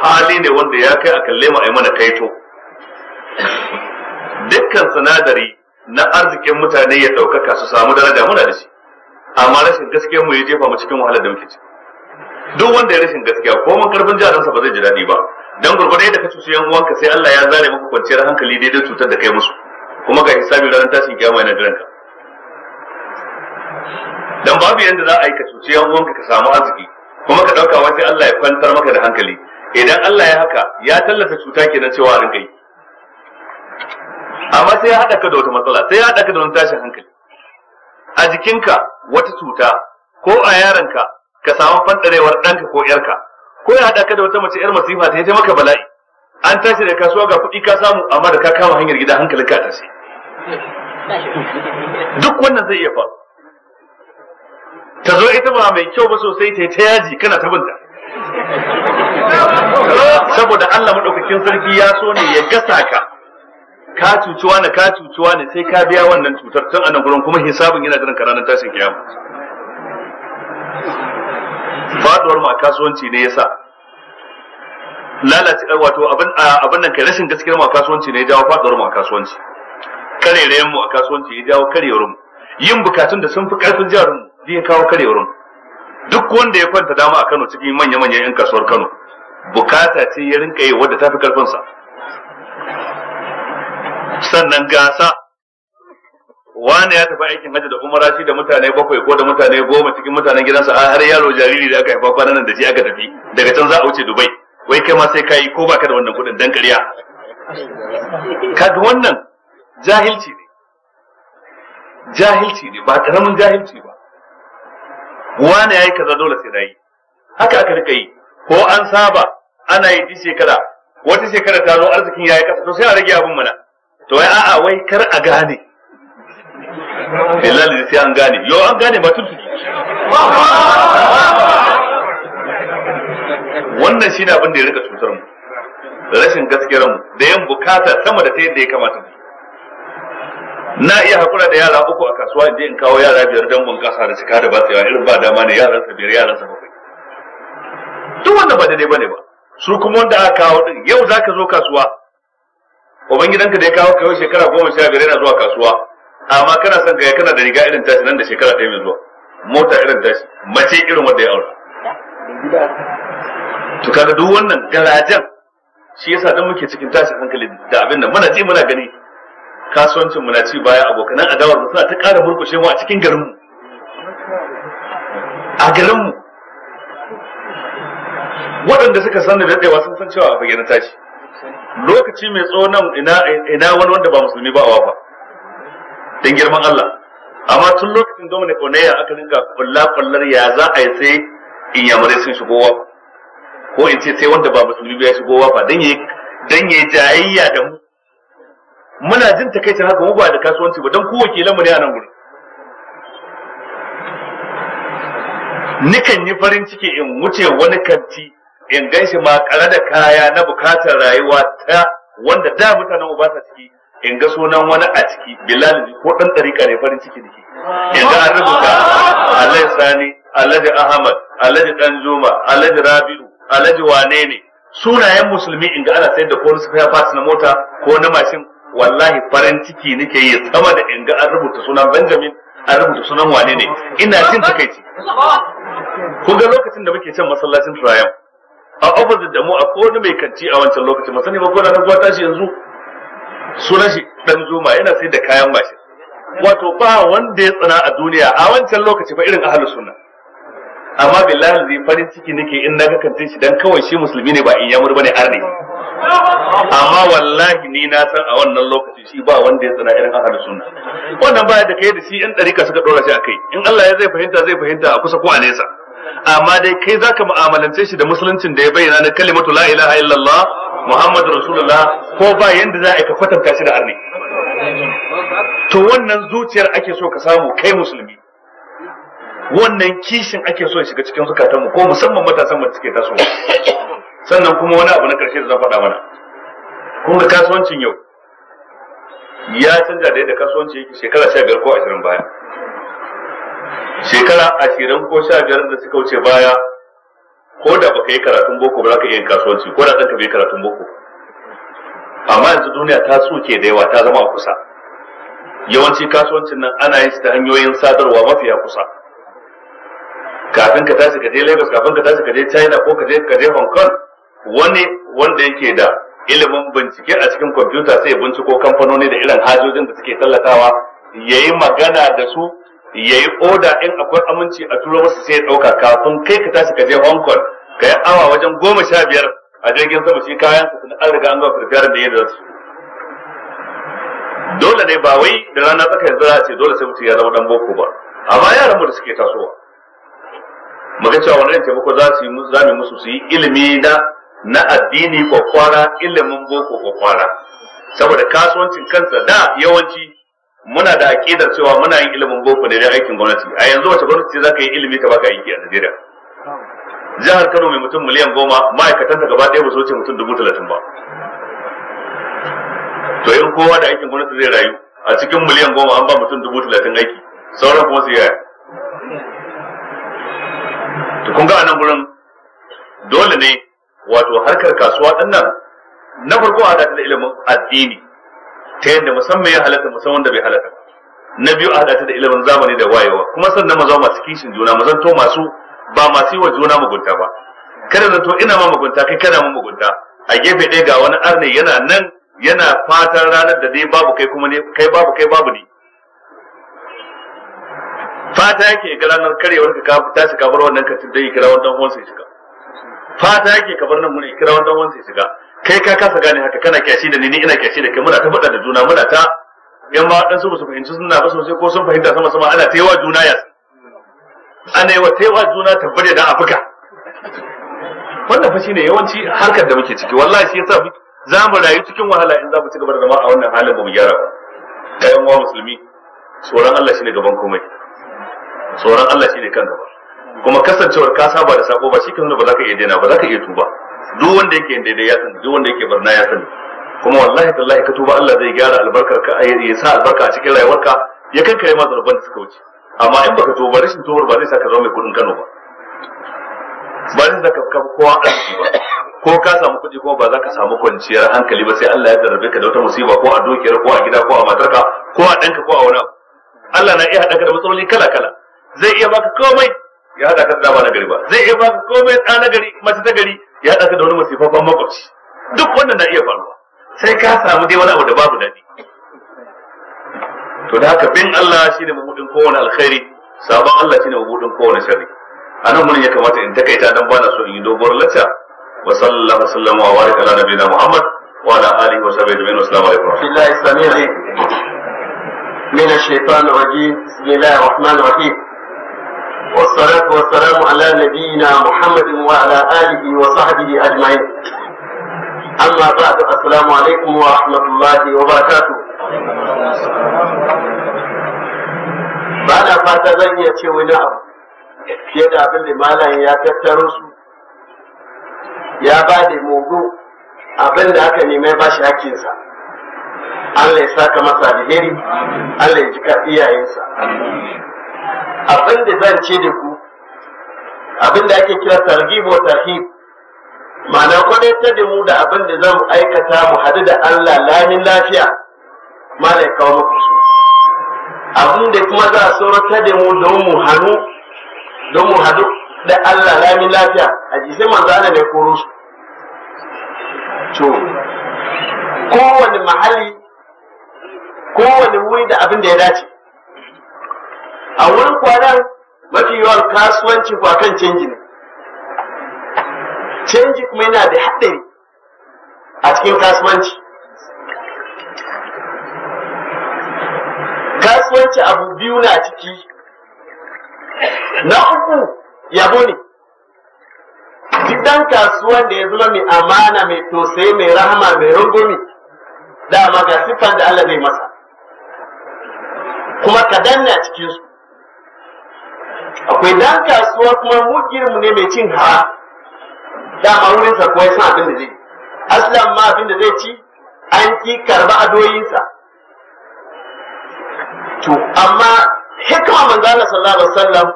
hali ne wanda ya kai a kalle mu a yi mana kaito dukkan sinadari na arzikin mutane ya ɗaukaka su samu daraja muna da shi amma rashin gaskiyar mu ya jefa mu cikin wahalar da muke ci duk wanda ya rashin gaskiya ko mun karfin jaransa ba zai ji daɗi ba dan gurgurai da kace su yan uwanka sai Allah ya zare maka kwanciyar hankali daidai cutar da kai musu kuma ga hisabi ranar tashin kiyama yana jiran ka dan babu yanda za a yi ka cuci yan uwanka ka samu arziki kuma ka ɗauka wai sai Allah ya kwantar maka da hankali idan Allah ya haka ya tallata cuta kenan cewa a rinka yi amma sai ya haɗa ka da wata matsala sai ya haɗa ka da wani tashin hankali a jikinka wata cuta ko a yaranka ka samu fanɗarewar ɗanka ko ƴarka ko ya haɗa ka da wata mace ƴar masifa ta yi maka bala'i an tashi da kasuwa ga kuɗi ka samu amma da ka kama hanyar gida hankali ka tashi duk wannan zai iya faru ta zo ita ba mai kyau ba sosai ta yi ta yaji kana ta binta saboda Allah maɗaukakin sarki ya so ne ya gasa ka ka cuci wani ka cuci wani sai ka biya wannan cutar tun anan gurin kuma hisabin yana jiran ka ranar tashin kiyama faduwar mu a kasuwanci ne yasa lalace wato abin abin nan kai rashin gaskiyar mu a kasuwanci ne ya jawo faduwar mu a kasuwanci karerayen mu a kasuwanci ya jawo karewar mu yin bukatun da sun fi karfin jarin mu zai kawo karewar mu duk wanda ya kwanta dama a Kano cikin manya-manyan 'yan kasuwar Kano bukata ce ya rinka yi wadda ta fi sa sannan gasa wani ya tafi aikin hajji da umara shi da mutane bakwai ko da mutane goma cikin mutanen gidansa har yaro jariri da aka haifa kwanan nan da shi aka tafi daga can za a wuce dubai wai kai ma sai kai ko baka da wannan kudin dan kariya kaga wannan jahilci ne jahilci ne ba karamin jahilci ba wani yayi kaza dole sai dai haka aka rika yi ko an saba ana yi duk shekara wata shekara ta zo arzikin yayi kasa to sai a rage abin mana to ya a'a wai kar a gane billahi sai an gane yo an gane ba tun wannan shi ne abin da ya rika cutar mu rashin gaskiyar mu da yin bukata sama da ta yadda ya kamata mu na iya hakura da yara uku a kasuwa inda in kawo yara biyar don kasa da cika da tsaye irin ba dama ne yaran sa biyar yaran sa bakwai duk wanda ba daidai bane ba su kuma wanda aka kawo din yau zaka zo kasuwa ubangidanka da ya kawo kawo shekara goma sha biyar yana zuwa kasuwa amma kana son gaya kana da riga irin tashi nan da shekara ɗaya mai zuwa mota irin tashi mace irin wanda ya aura to kaga duk wannan garajen shi yasa dan muke cikin tashi hankali da abin nan muna ji muna gani kasuwancin muna ci baya abokanan adawar mu suna ta ƙara burkushe mu a cikin garin mu a garin mu waɗanda suka san da daɗewa sun san cewa a bayyana tashi lokaci mai tsawo nan ina ina wani wanda ba musulmi ba a wafa dan girman Allah amma tun lokacin gama ne kaunaya aka rinka kullar kullar ya za a yi sai in yamare sun shigo wafa ko in ce sai wanda ba musulmi ba ya shigo wafa dan yayi dan yayi jayayya da mu muna jin takaicin haka mu ba da kasuwanci ba dan ko wakilan mu ne a nan gurin nikan yi farin ciki in wuce wani kanti in gan shi ma kare da kaya na bukatar rayuwa ta wanda da mutanen ba sa ciki in ga sunan wani a ciki bilal ko dan dariƙa ne farin ciki dake in ga an rubuta Allah sani alhaji ahmad alhaji dan juma alhaji rabi'u alhaji wane ne sunayen musulmi in ga ana sayar da ko spare parts na mota ko na mashin wallahi farin ciki nake yi sama da in ga an rubuta sunan benjamin an rubuta sunan wane ne ina jin takaici ku ga lokacin da muke can masallacin turayen a ofis da mu a wani mai kanti a wancan lokaci, masani ba gona na gwata shi yanzu sunan shi dan zuma yana sai da kayan mashin wato ba wanda ya tsana a duniya a wancan lokaci ba irin ahlus sunna amma billahi zai farin ciki nake in naga kantin shi dan kawai shi musulmi ne ba in yamur bane arne amma wallahi ni na san a wannan lokaci shi ba wanda ya tsana irin ahlus sunna wannan baya da kai da shi yan dariƙa suka dora shi akai in Allah ya zai fahimta zai fahimta a kusa ko a nesa amma dai kai za ka mu'amalance shi da musuluncin da ya bayyana na kalimatu la ilaha illallah muhammadu rasulullah ko ba yanda za a yi kwatanta shi da arni to wannan zuciyar ake so ka samu kai musulmi wannan kishin ake so shiga cikin zukatanmu ko musamman matasan mu suke taso sannan kuma wani abu na karshe da zan faɗa mana kun ga kasuwancin yau ya canja da yadda kasuwanci yake shekara 15 ko ashirin baya shekara ashirin ko sha biyar da suka wuce baya ko da baka yi karatun boko ba za ka iya yin kasuwanci ko da ɗanka bai karatun boko amma yanzu duniya ta suke da yawa ta zama a kusa yawanci kasuwancin nan ana yin shi ta hanyoyin sadarwa mafiya kusa kafin ka tashi ka je Lagos kafin ka tashi ka je China ko ka je ka je Hong Kong wani wanda yake da ilimin bincike a cikin kwamfuta sai ya binciko kamfanoni da irin hajojin da suke tallatawa ya yi magana da su Yayi yi oda in akwai aminci a turo masa sai ya ɗauka kafin kai ka tashi ka je hong kong ka yi awa wajen goma sha biyar a jirgin sama shi kayan su an riga an gama firfiyar da yadda su dole ne ba wai da rana tsaka yanzu za a ce dole sai mutum ya zama dan boko ba amma yaran mu da suke tasowa muka cewa wannan taimako za su yi za musu su yi ilimi na na addini kwakwara ilimin boko kwakwara saboda kasuwancin kansa da yawanci muna da aqidar cewa muna yin ilimin boko ne da aikin gwamnati a yanzu wace gwamnati za ka yi ilimi ta baka aiki a Najeriya jihar Kano mai mutum miliyan goma ma'aikatanta gaba ɗaya ba su wuce mutum dubu talatin ba to yin kowa da aikin gwamnati zai rayu a cikin miliyan goma an ba mutum dubu talatin aiki sauran kuma su yaya to kun ga anan gurin dole ne wato harkar kasuwa ɗin nan na farko a da ilimin addini ta yadda musamman ya halatta musamman da bai halatta na biyu a haɗa da ilimin zamani da wayewa kuma sannan maza masu kishin juna mu zanto masu ba masu yi wa juna mugunta ba kada zanto ina ma mugunta kai kana ma mugunta a gefe ɗaya ga wani arne yana nan yana fatan ranar da dai babu kai kuma ne kai babu kai babu ni fata yake ga ranar karewar ka ta shiga bar wannan ka tuddai kira wannan wansa ya shiga fata yake ka bar nan mun kira wannan wansa ya shiga kai ka kasa gane haka kana kyashi da ni ni ina kyashi da kai muna ta faɗa da juna muna ta yan ma dan su ba su fahimci suna ba sosai ko sun fahimta sama sama ana taiwa juna ya ana yawa taiwa juna tabbare da afuka wannan fa shine yawanci harkar da muke ciki wallahi shi yasa za mu rayu cikin wahala in za mu ci gaba da zama a wannan halin ba mu gyara ba ga yan musulmi tsoron Allah shine gaban komai tsoron Allah shine kan gaba kuma kasancewar ka saba da sako ba shi kan ba za ka iya daina ba za ka iya tuba duk wanda yake daidai ya sani duk wanda yake barna ya sani kuma wallahi tallahi ka tuba Allah zai gyara albarkar ka ya sa albarka a cikin rayuwarka ya kan kai ma zarban da suka wuce amma in baka tuba rashin tubar ba zai sa ka zama mai kudin Kano ba ba zai saka ka kowa arziki ba ko ka samu kuɗi ko ba za ka samu kwanciyar hankali ba sai Allah ya zarrabe ka da wata musiba ko a dokiyar ko a gida ko a matarka ko a ɗanka ko a wani Allah na iya haɗa ka da matsaloli kala kala zai iya baka komai ya haɗa ka da ba na gari ba zai iya baka komai ɗa na gari mace ta gari ya ɗaka da wani masifafan makwabci duk wannan na iya faruwa sai ka samu dai wani abu da babu daɗi to da haka bin Allah shi ne mabudin kowane alkhairi sabon Allah shi ne mabudin kowane sharri nan wurin ya kamata in ta ta dan bana so in yi doguwar lacca wa sallallahu sallama wa baraka ala nabiyina Muhammad wa ala alihi wa sahbihi ajma'in wa assalamu alaikum billahi samiri min ash-shaytanir rajim bismillahir rahmanir rahim والصلاة والسلام على نبينا محمد وعلى آله وصحبه أجمعين أما بعد السلام عليكم ورحمة الله وبركاته bana fata zan iya ce wani abu fiye da abin da malayin ya tattaro su ya ba da mugu abin da aka nema ba shi hakinsa Allah ya saka masa alheri Allah ya ji iyayensa abin da zan ce da ku abin da ake kira targhib wa tarhib ma'ana dai da mu da abin da zamu aikata mu hadu da Allah lamin lafiya malai kawo muku su abin da kuma za a tsorata da mu don mu hannu don mu hadu da Allah lamin lafiya a jisai manzo Allah ne koro su to kowane mahalli kowane wuri da abin da ya dace a wurin kwanan mafi yawan kasuwanci ko kan canji ne canji kuma yana da haɗari a cikin kasuwanci kasuwanci abu biyu na ciki na uku yabo ne duk kasuwan da ya zama mai amana mai tosai mai rahama mai rungumi dama ga siffar da Allah zai masa kuma kaɗan na cikinsu akwai dan kasuwa kuma mu ne mai cin hara da wurin sa kuwa san abin da zai aslan ma abin da zai ci an ki karba adoyinsa to amma hikima manzo Allah sallallahu alaihi wasallam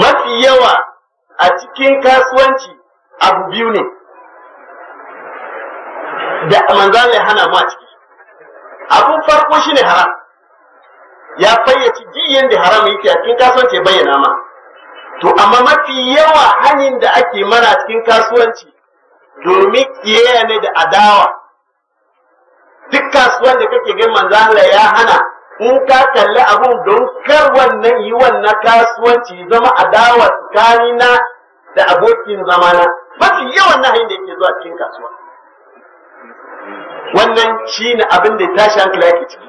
mafi yawa a cikin kasuwanci abu biyu ne da manzo Allah hana mu a ciki abun farko shine haram ya fayyaci jiyan da haramun yake a cikin kasuwanci ya bayyana ma to amma mafi yawa hanyar da ake mana cikin kasuwanci domin kiyaya ne da adawa duk kasuwan da kake gan manzo Allah ya hana in ka kalli abun don kar wannan yi wannan kasuwanci zama adawa tsakanina da abokin zamana mafi yawan nahayin da yake zuwa cikin kasuwa wannan shi ne abin da tashi hankali yake ciki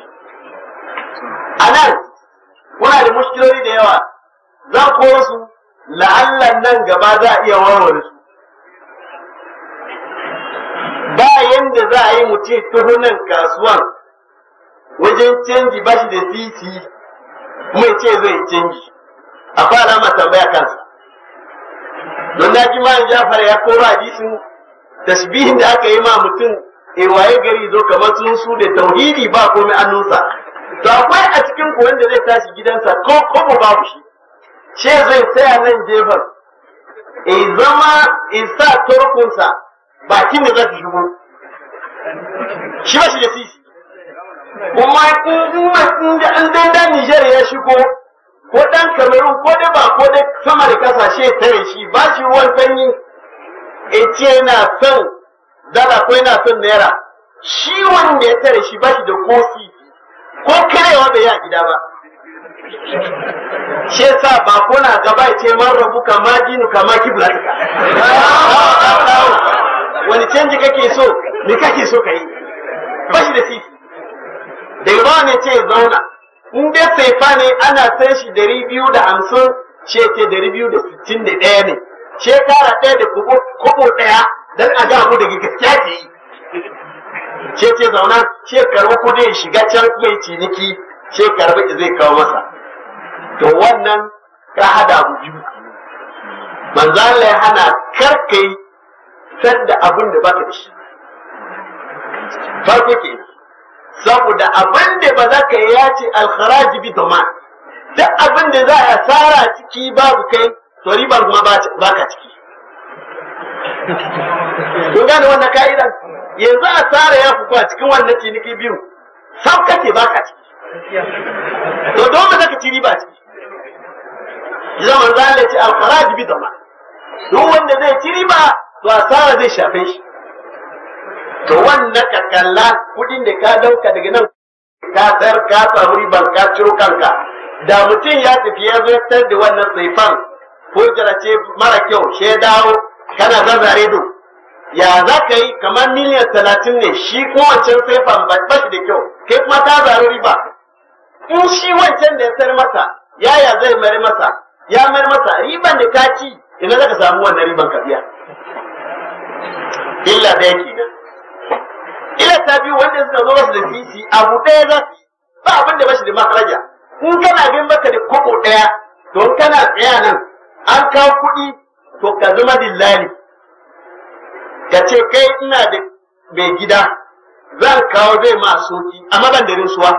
a nan kuna da mushkiloli da yawa zan koro su la'allan nan gaba za a iya warware su ba yanda za a yi mutum tuhunan kasuwan wajen canji ba shi da sisi mai ce zai canji akwai alama tambaya kansa don na ji ma'an jafar ya koro hadisin tasbihin da aka yi ma mutum in gari zo kamar sun su da tauhidi ba komai annunsa to akwai a cikin ku wanda zai tashi gidansa ko kuma babu shi ce zai tsaya nan jefan e zama e sa turkunsa bakin da za ta shigo shi ba shi da sisi kuma in da an danda Nijar ya shigo ko dan Kamerun ko dai ba ko dai sama da kasashe tare shi ba shi ruwan sanyi e ce na son dala ko na son naira shi wanda ya tare shi ba shi da kofi? ko karewa bai yi a gida ba shi yasa ba kuna gaba ya ce mara rabu kama jinu kama kiblatika wani canji kake so me kake so ka yi ba shi da titi daga ba ne ce zauna in dai saifa ne ana san shi dari biyu da hamsin shi ce dari biyu da sittin da ɗaya ne shekara ɗaya da kubo ɗaya don a ga abu da gaskiya ke yi ce ce zauna ce karbi kudin shiga can mai ciniki ce karbi zai kawo masa to wannan ka hada mu biyu manzo Allah ya hana karkai da abin da baka da shi farko ke saboda abin da ba za ka ya ce alkharaj bi dama duk abin da za a tsara ciki babu kai to ribar kuma baka ciki kun gane wannan ka'idan yanzu tsara ya kuka cikin wannan ciniki biyu sam kake ba ka ciki to dole zaka ciri ba ciki Zama zalla a al-faraj da ma duk wanda zai ciri ba, to tsara zai shafe shi to wannan ka kalla kudin da ka dauka daga nan ka tsar ka samu riban ka ciro kanka da mutum ya tafi ya zo tar da wannan tsaifan ko jarace mara kyau shaidawo kana zazzare duk ya za ka yi kamar miliyan talatin ne shi kuma wancan faifan ba shi da kyau kai kuma ta zaru riba in shi wancan da ya sayar masa ya ya zai mayar masa ya mayar masa riban da ka ci ina za ka samu wannan riban ka biya illa da yake nan ila ta biyu wanda suka zo basu da sisi abu ɗaya za su ba abin da bashi da maharaja in kana bin baka da kwabo ɗaya don kana tsaya nan an kawo kuɗi to ka zama dillali ka ce kai ina da mai gida zan kawo zai ma soki amma ban suwa rinsuwa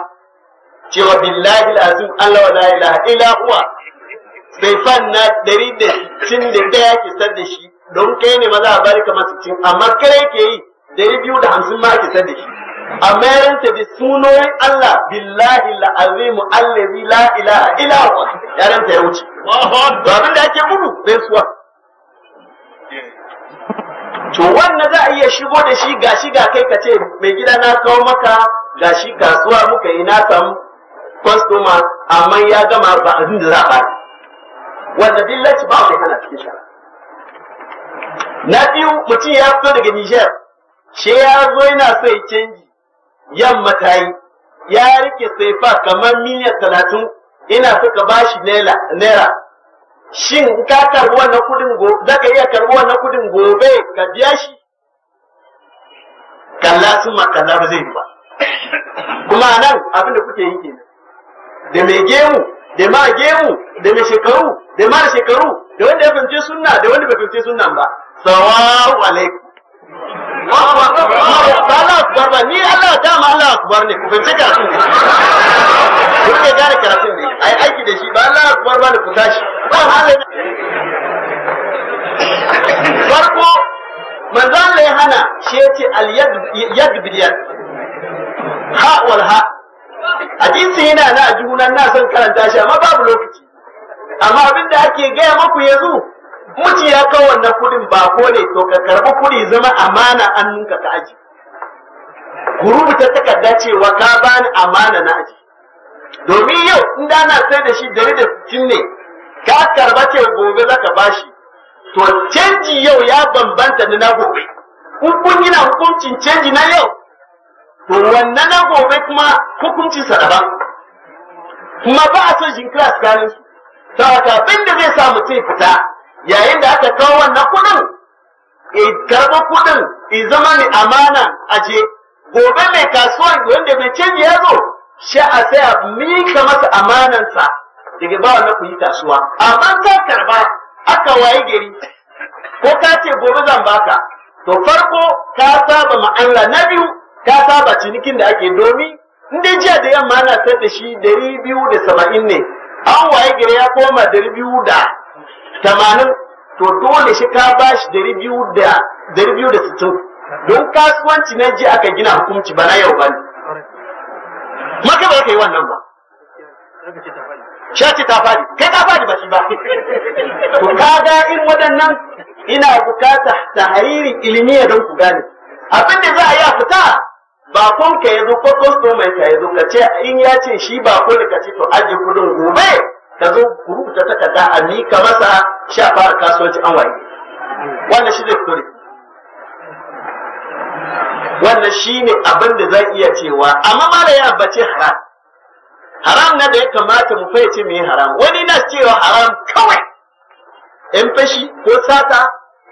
cewa billahi lazim Allah wa la ilaha illa huwa bai fanna dari da cin da ɗaya ke sar da shi don kai ne maza a bari kamar cin amma kare ke yi dari biyu da hamsin ma ke sar da shi amma ta da sunoyin Allah billahi Allah allazi la ilaha illa huwa ta ya wuce ba abin da ake gudu suwa to wannan za a iya shigo da shi ga shi ga kai ka ce mai gida na kawo maka ga gashi kasuwa muka yi na samu kwastoma amma ya gama ba abin da za a bari wanda dillaci ba kai hana cikin shara na biyu mutum ya fito daga Nijar she ya zo yana so ya canji yamma ta ya rike saifa kamar miliyan talatin ina suka bashi naira shin ka karbi wannan kudin gobe za ka iya karbi wannan kudin gobe ka biya shi kalla sun makalla ba zai yi ba kuma nan abin da kuke yi kenan da mai gemu da ma gemu da mai shekaru da ma shekaru da wanda ya fahimce sunna da wanda bai fahimce sunnan ba sawawu alaikum Allah akbar ba ni Allah ma Allah akbar ne ku fahimce ka kun ne gane karatun ne ai aiki da shi ba Allah akbar ba ku tashi ba farko manzo Allah ya hana shi yace al yad yad bil ha wal ha hadisi yana na juna na son karanta shi amma babu lokaci amma abinda ake gaya maku yanzu muci ya kawo wannan kudin ba ko ne to ka karbi kudi zama amana an nunka ka aji ku rubuta takarda cewa ka bani amana na aji domin yau in da na sai da shi da sittin ne ka karba ce gobe za ka bashi to canji yau ya bambanta da na gobe kun kun yi na hukuncin canji na yau to wannan na gobe kuma hukuncin sa daban kuma ba a son jinkira tsakanin su saboda abin da zai sa mutum fita yayin da aka kawo wannan kuɗin karɓar kuɗin i zama ni amana aje gobe mai kasuwa wanda mai canji ya zo sai a sai a mika masa amanansa daga ba na ku yi kasuwa amma ta karba aka waye gari ko ka ce gobe zan baka to farko ka saba ma Allah na biyu ka saba cinikin da ake domi in jiya da yamma ana tar da shi dari biyu da saba'in ne an waye gari ya koma dari biyu da tamanin to dole shi ka bashi dari biyu da dari biyu da sittin don kasuwanci na ji aka gina hukunci bana na yau ba ma kai ba za ka yi wannan ba shaci ta faɗi kai ka faɗi ba shi ba to ga in waɗannan ina bukata hariri ilmiya don ku gane abin da za a yi a fita bakon ka zo ko customer ka zo ka ce in ya ce shi bako ne ka ce to aje kudin gobe ka zo rubuta takarda a mika masa fara kasuwanci an waye wannan shi zai fito wannan shi ne abin da za iya cewa amma da ya bace haram haram na da ya kamata mu fahimci yi haram wani na cewa haram kawai in fashi ko sata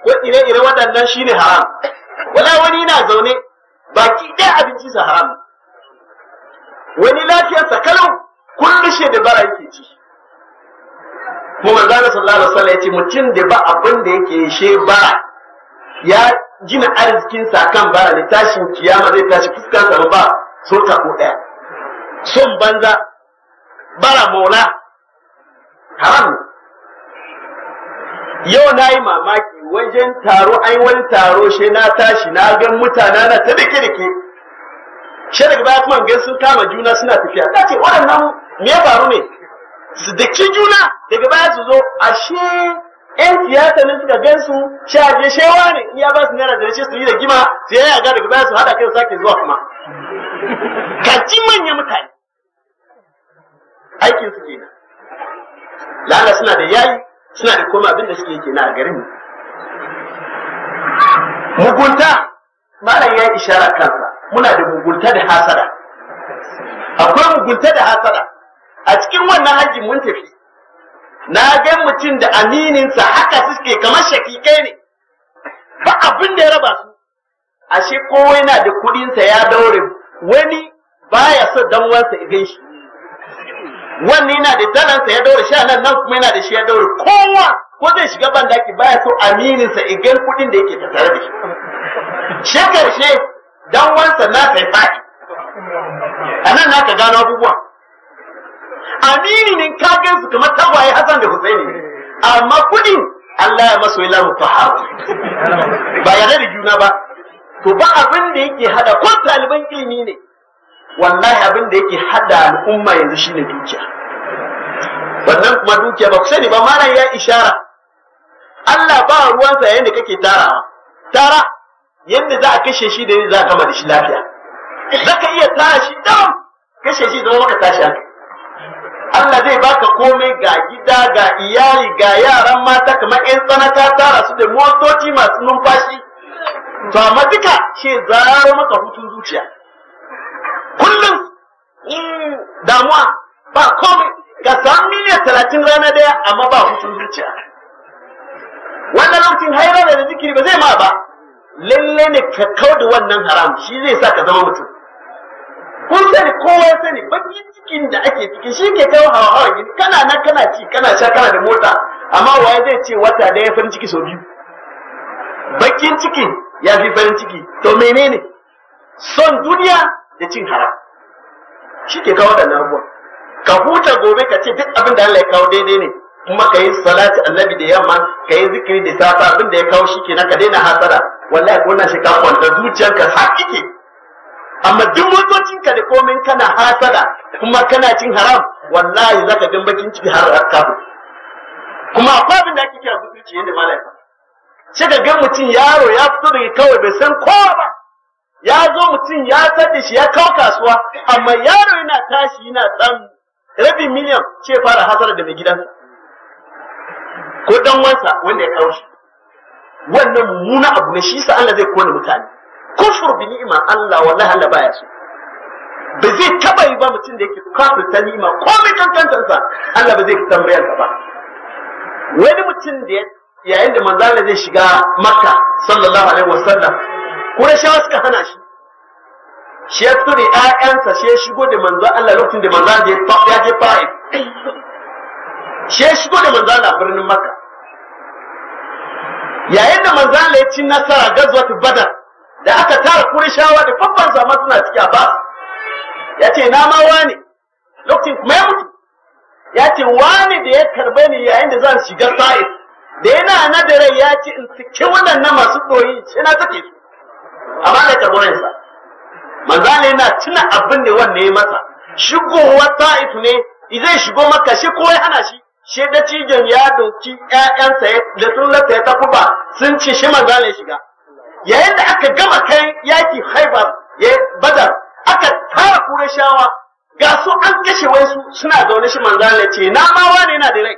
ko ire-ire waɗannan ne haram wala wani na zaune baki ɗaya abinci sa haram wani lafiyarsa kalau kullum shi da bara yake ci mu manzo sallallahu alaihi wasallam ce mutum da ba abin da yake shi bara ya gina arzikinsa kan bara ne tashin kiyama zai tashi sa ba ta ko ɗaya son banza bara mola haram yau na yi mamaki wajen taro ai wani taro she na tashi na gan mutana na ta dake dake she daga baya kuma gan sun kama juna suna tafiya ta ce waɗannan me ya faru ne su daki juna daga baya su zo ashe yan siyasa ne suka gan su shaje shewa ne iya ba su naira da shi su yi da gima su yi yaga daga baya su hada kai sake zuwa kuma ka ji manya mutane aikin su kenan lalla suna da yayi suna da koma abin da suke kenan a garin mugunta malam ya ishara kansa muna da mugunta da hasada akwai mugunta da hasada a cikin wannan hajji mun tafi na ga mutum da amininsa haka suke kamar shakikai ne ba abin da ya raba su ashe kowa yana da kudinsa ya daure wani baya so dan wansa idan shi wani yana da dalansa ya daure sha nan nan kuma yana da shi ya daure kowa ko zai shiga bandaki baya so amininsa igan kudin da yake tattare da shi shekarshe dan wansa na sai faɗi a nan naka gano abubuwan amini ne ka gansu kamar tagwaye Hassan da Husaini amma kudin Allah ya masu ila mutahawa ba ya da juna ba to ba abin da yake hada ko taliban ilimi ne wallahi abin da yake hada al'umma yanzu shine dukiya wannan kuma dukiya ba ku sani ba malam ya ishara Allah ba ruwansa yayin da kake tarawa tara yadda za a kashe shi da yadda za a kama da shi lafiya zaka iya tara shi dam kashe shi zama maka tashi haka Allah zai baka komai ga gida ga iyali ga yaran mata kamar yan tsana ta tara su da motoci masu numfashi to amma duka shi zaro maka hutun zuciya kullum damuwa ba komai ka samu miliyan talatin rana daya amma ba hutun zuciya wannan lokacin haira da zikiri ba zai ma ba lalle ne ka kaudu wannan haram shi zai sa ka zama mutum kun sani kowa sani bakin cikin da ake ciki shi ke kawo hawa gini kana na kana ci kana sha kana da mota amma waye zai ce wata da ya farin ciki sau biyu bakin ciki ya fi farin ciki to menene son duniya da cin haram shi ke kawo da abubuwa ka huta gobe ka ce duk abin da Allah ya kawo daidai ne kuma ka yi salati annabi da yamma ka yi zikiri da safa abin da ya kawo shi na ka daina hasara wallahi ko na shi ka kwanta zuciyarka har kike amma duk motocin ka da komin kana hasada kuma kana cin haram wallahi zaka gan bakin ciki har kafu kuma akwai abin da ake kira butulci yadda malaka sai ga gan mutum yaro ya fito daga kawai bai san kowa ba ya zo mutum ya san shi ya kawo kasuwa amma yaro yana tashi yana dan rabin miliyan ce fara hasara da mai gidansa ko dan wanda ya kawo shi wannan mummuna abu ne shi sa Allah zai kona mutane kufur bi ni'ima Allah wallahi Allah baya so ba zai taba yi ba mutum da yake ta ni'ima komai sa Allah ba zai tambayar ka ba wani mutum da yayin da manzala zai shiga makka sallallahu alaihi wasallam kurashawa suka hana shi shi ya fito da ƴaƴansa shi ya shigo da manzo Allah lokacin da manzo ya je fa'i shi ya shigo da manzo Allah birnin makka yayin da manzo Allah ya ci nasara gazwatu badar da aka tara kurishawa da babban zama suna ciki abbas ya ce na ma wani lokacin kuma ya mutu ya ce wani da ya karbe ni yayin da zan shiga sa'id da yana na da rai ya ce in siki na masu ɗoyi shi na sake su amma da sa, manzana yana tuna abin da wanne ya masa shigowa sa'id ne zai shigo maka shi ko ya hana shi shi da cijin ya doki ƴaƴansa da sun ya tafi ba sun ce shi manzana ya shiga yayin da aka gama kai yaki haibar ya badar aka tara kure shawa, ga su an kashe wai su suna zaune shi manzala ce na ma wani yana da rai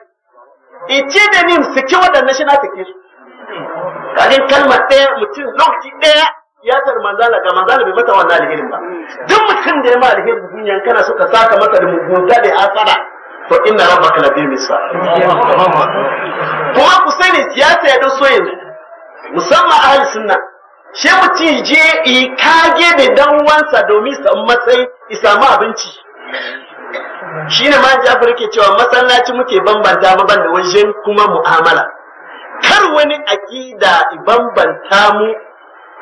ice da nim suke waɗannan shi na take su kajin kalmar ɗaya mutum lokaci ɗaya ya tar manzala ga manzala bai mata wannan alherin ba duk mutum da ya ma alherin duniyan kana suka saka masa da mugunta da asara to inna rabbaka la bil kuma ku sani siyasa ya da so yanzu musamman ahli sunna shi mutum je yi kage da dan wansa domin samu matsayi isamu abinci shi ne ma jafar ke cewa masallaci muke bambanta maban da wajen kuma mu'amala kar wani akida bambanta mu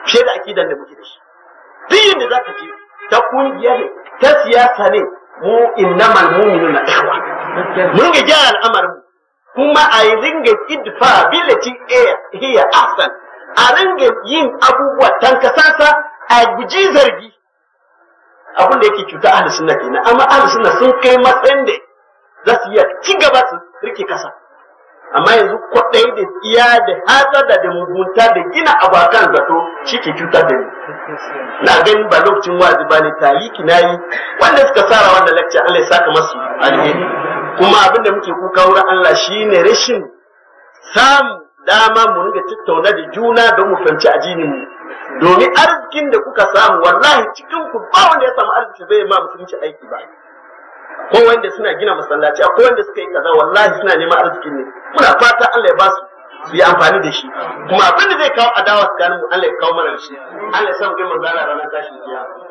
fiye da akida da muke da shi duk yadda za ka je ta kungiya ne ta siyasa ne mu innamal mu'minuna ikhwa mun ga jihar al'amarin kuma a yi ringa idfa billati hiya ahsan a ringa yin abubuwa tankasasa a guji zargi abin da yake cuta ahli sunna kenan amma ahli sunna sun kai matsayin da za su iya ci gaba su rike kasa amma yanzu kwaɗai da iya da hatsada da mugunta da gina abakan zato shi ke cuta da ni na gani ba lokacin wazi ba ne taliki na yi wanda suka sara wannan lakcin Allah ya saka masu alheri kuma abinda muke kuka wurin Allah shine rashin samu dama mu riga tattauna da juna don mu fahimci addinin mu domin arzikin da kuka samu wallahi cikin ku ba wanda ya samu arziki bai ma musulunci aiki ba ko wanda suna gina masallaci ko wanda suka yi kaza wallahi suna neman arzikin ne muna fata Allah ya ba su su yi amfani da shi kuma abin da zai kawo adawa tsakanin mu Allah ya kawo mana shi Allah ya mu ga manzara ranar tashin kiyama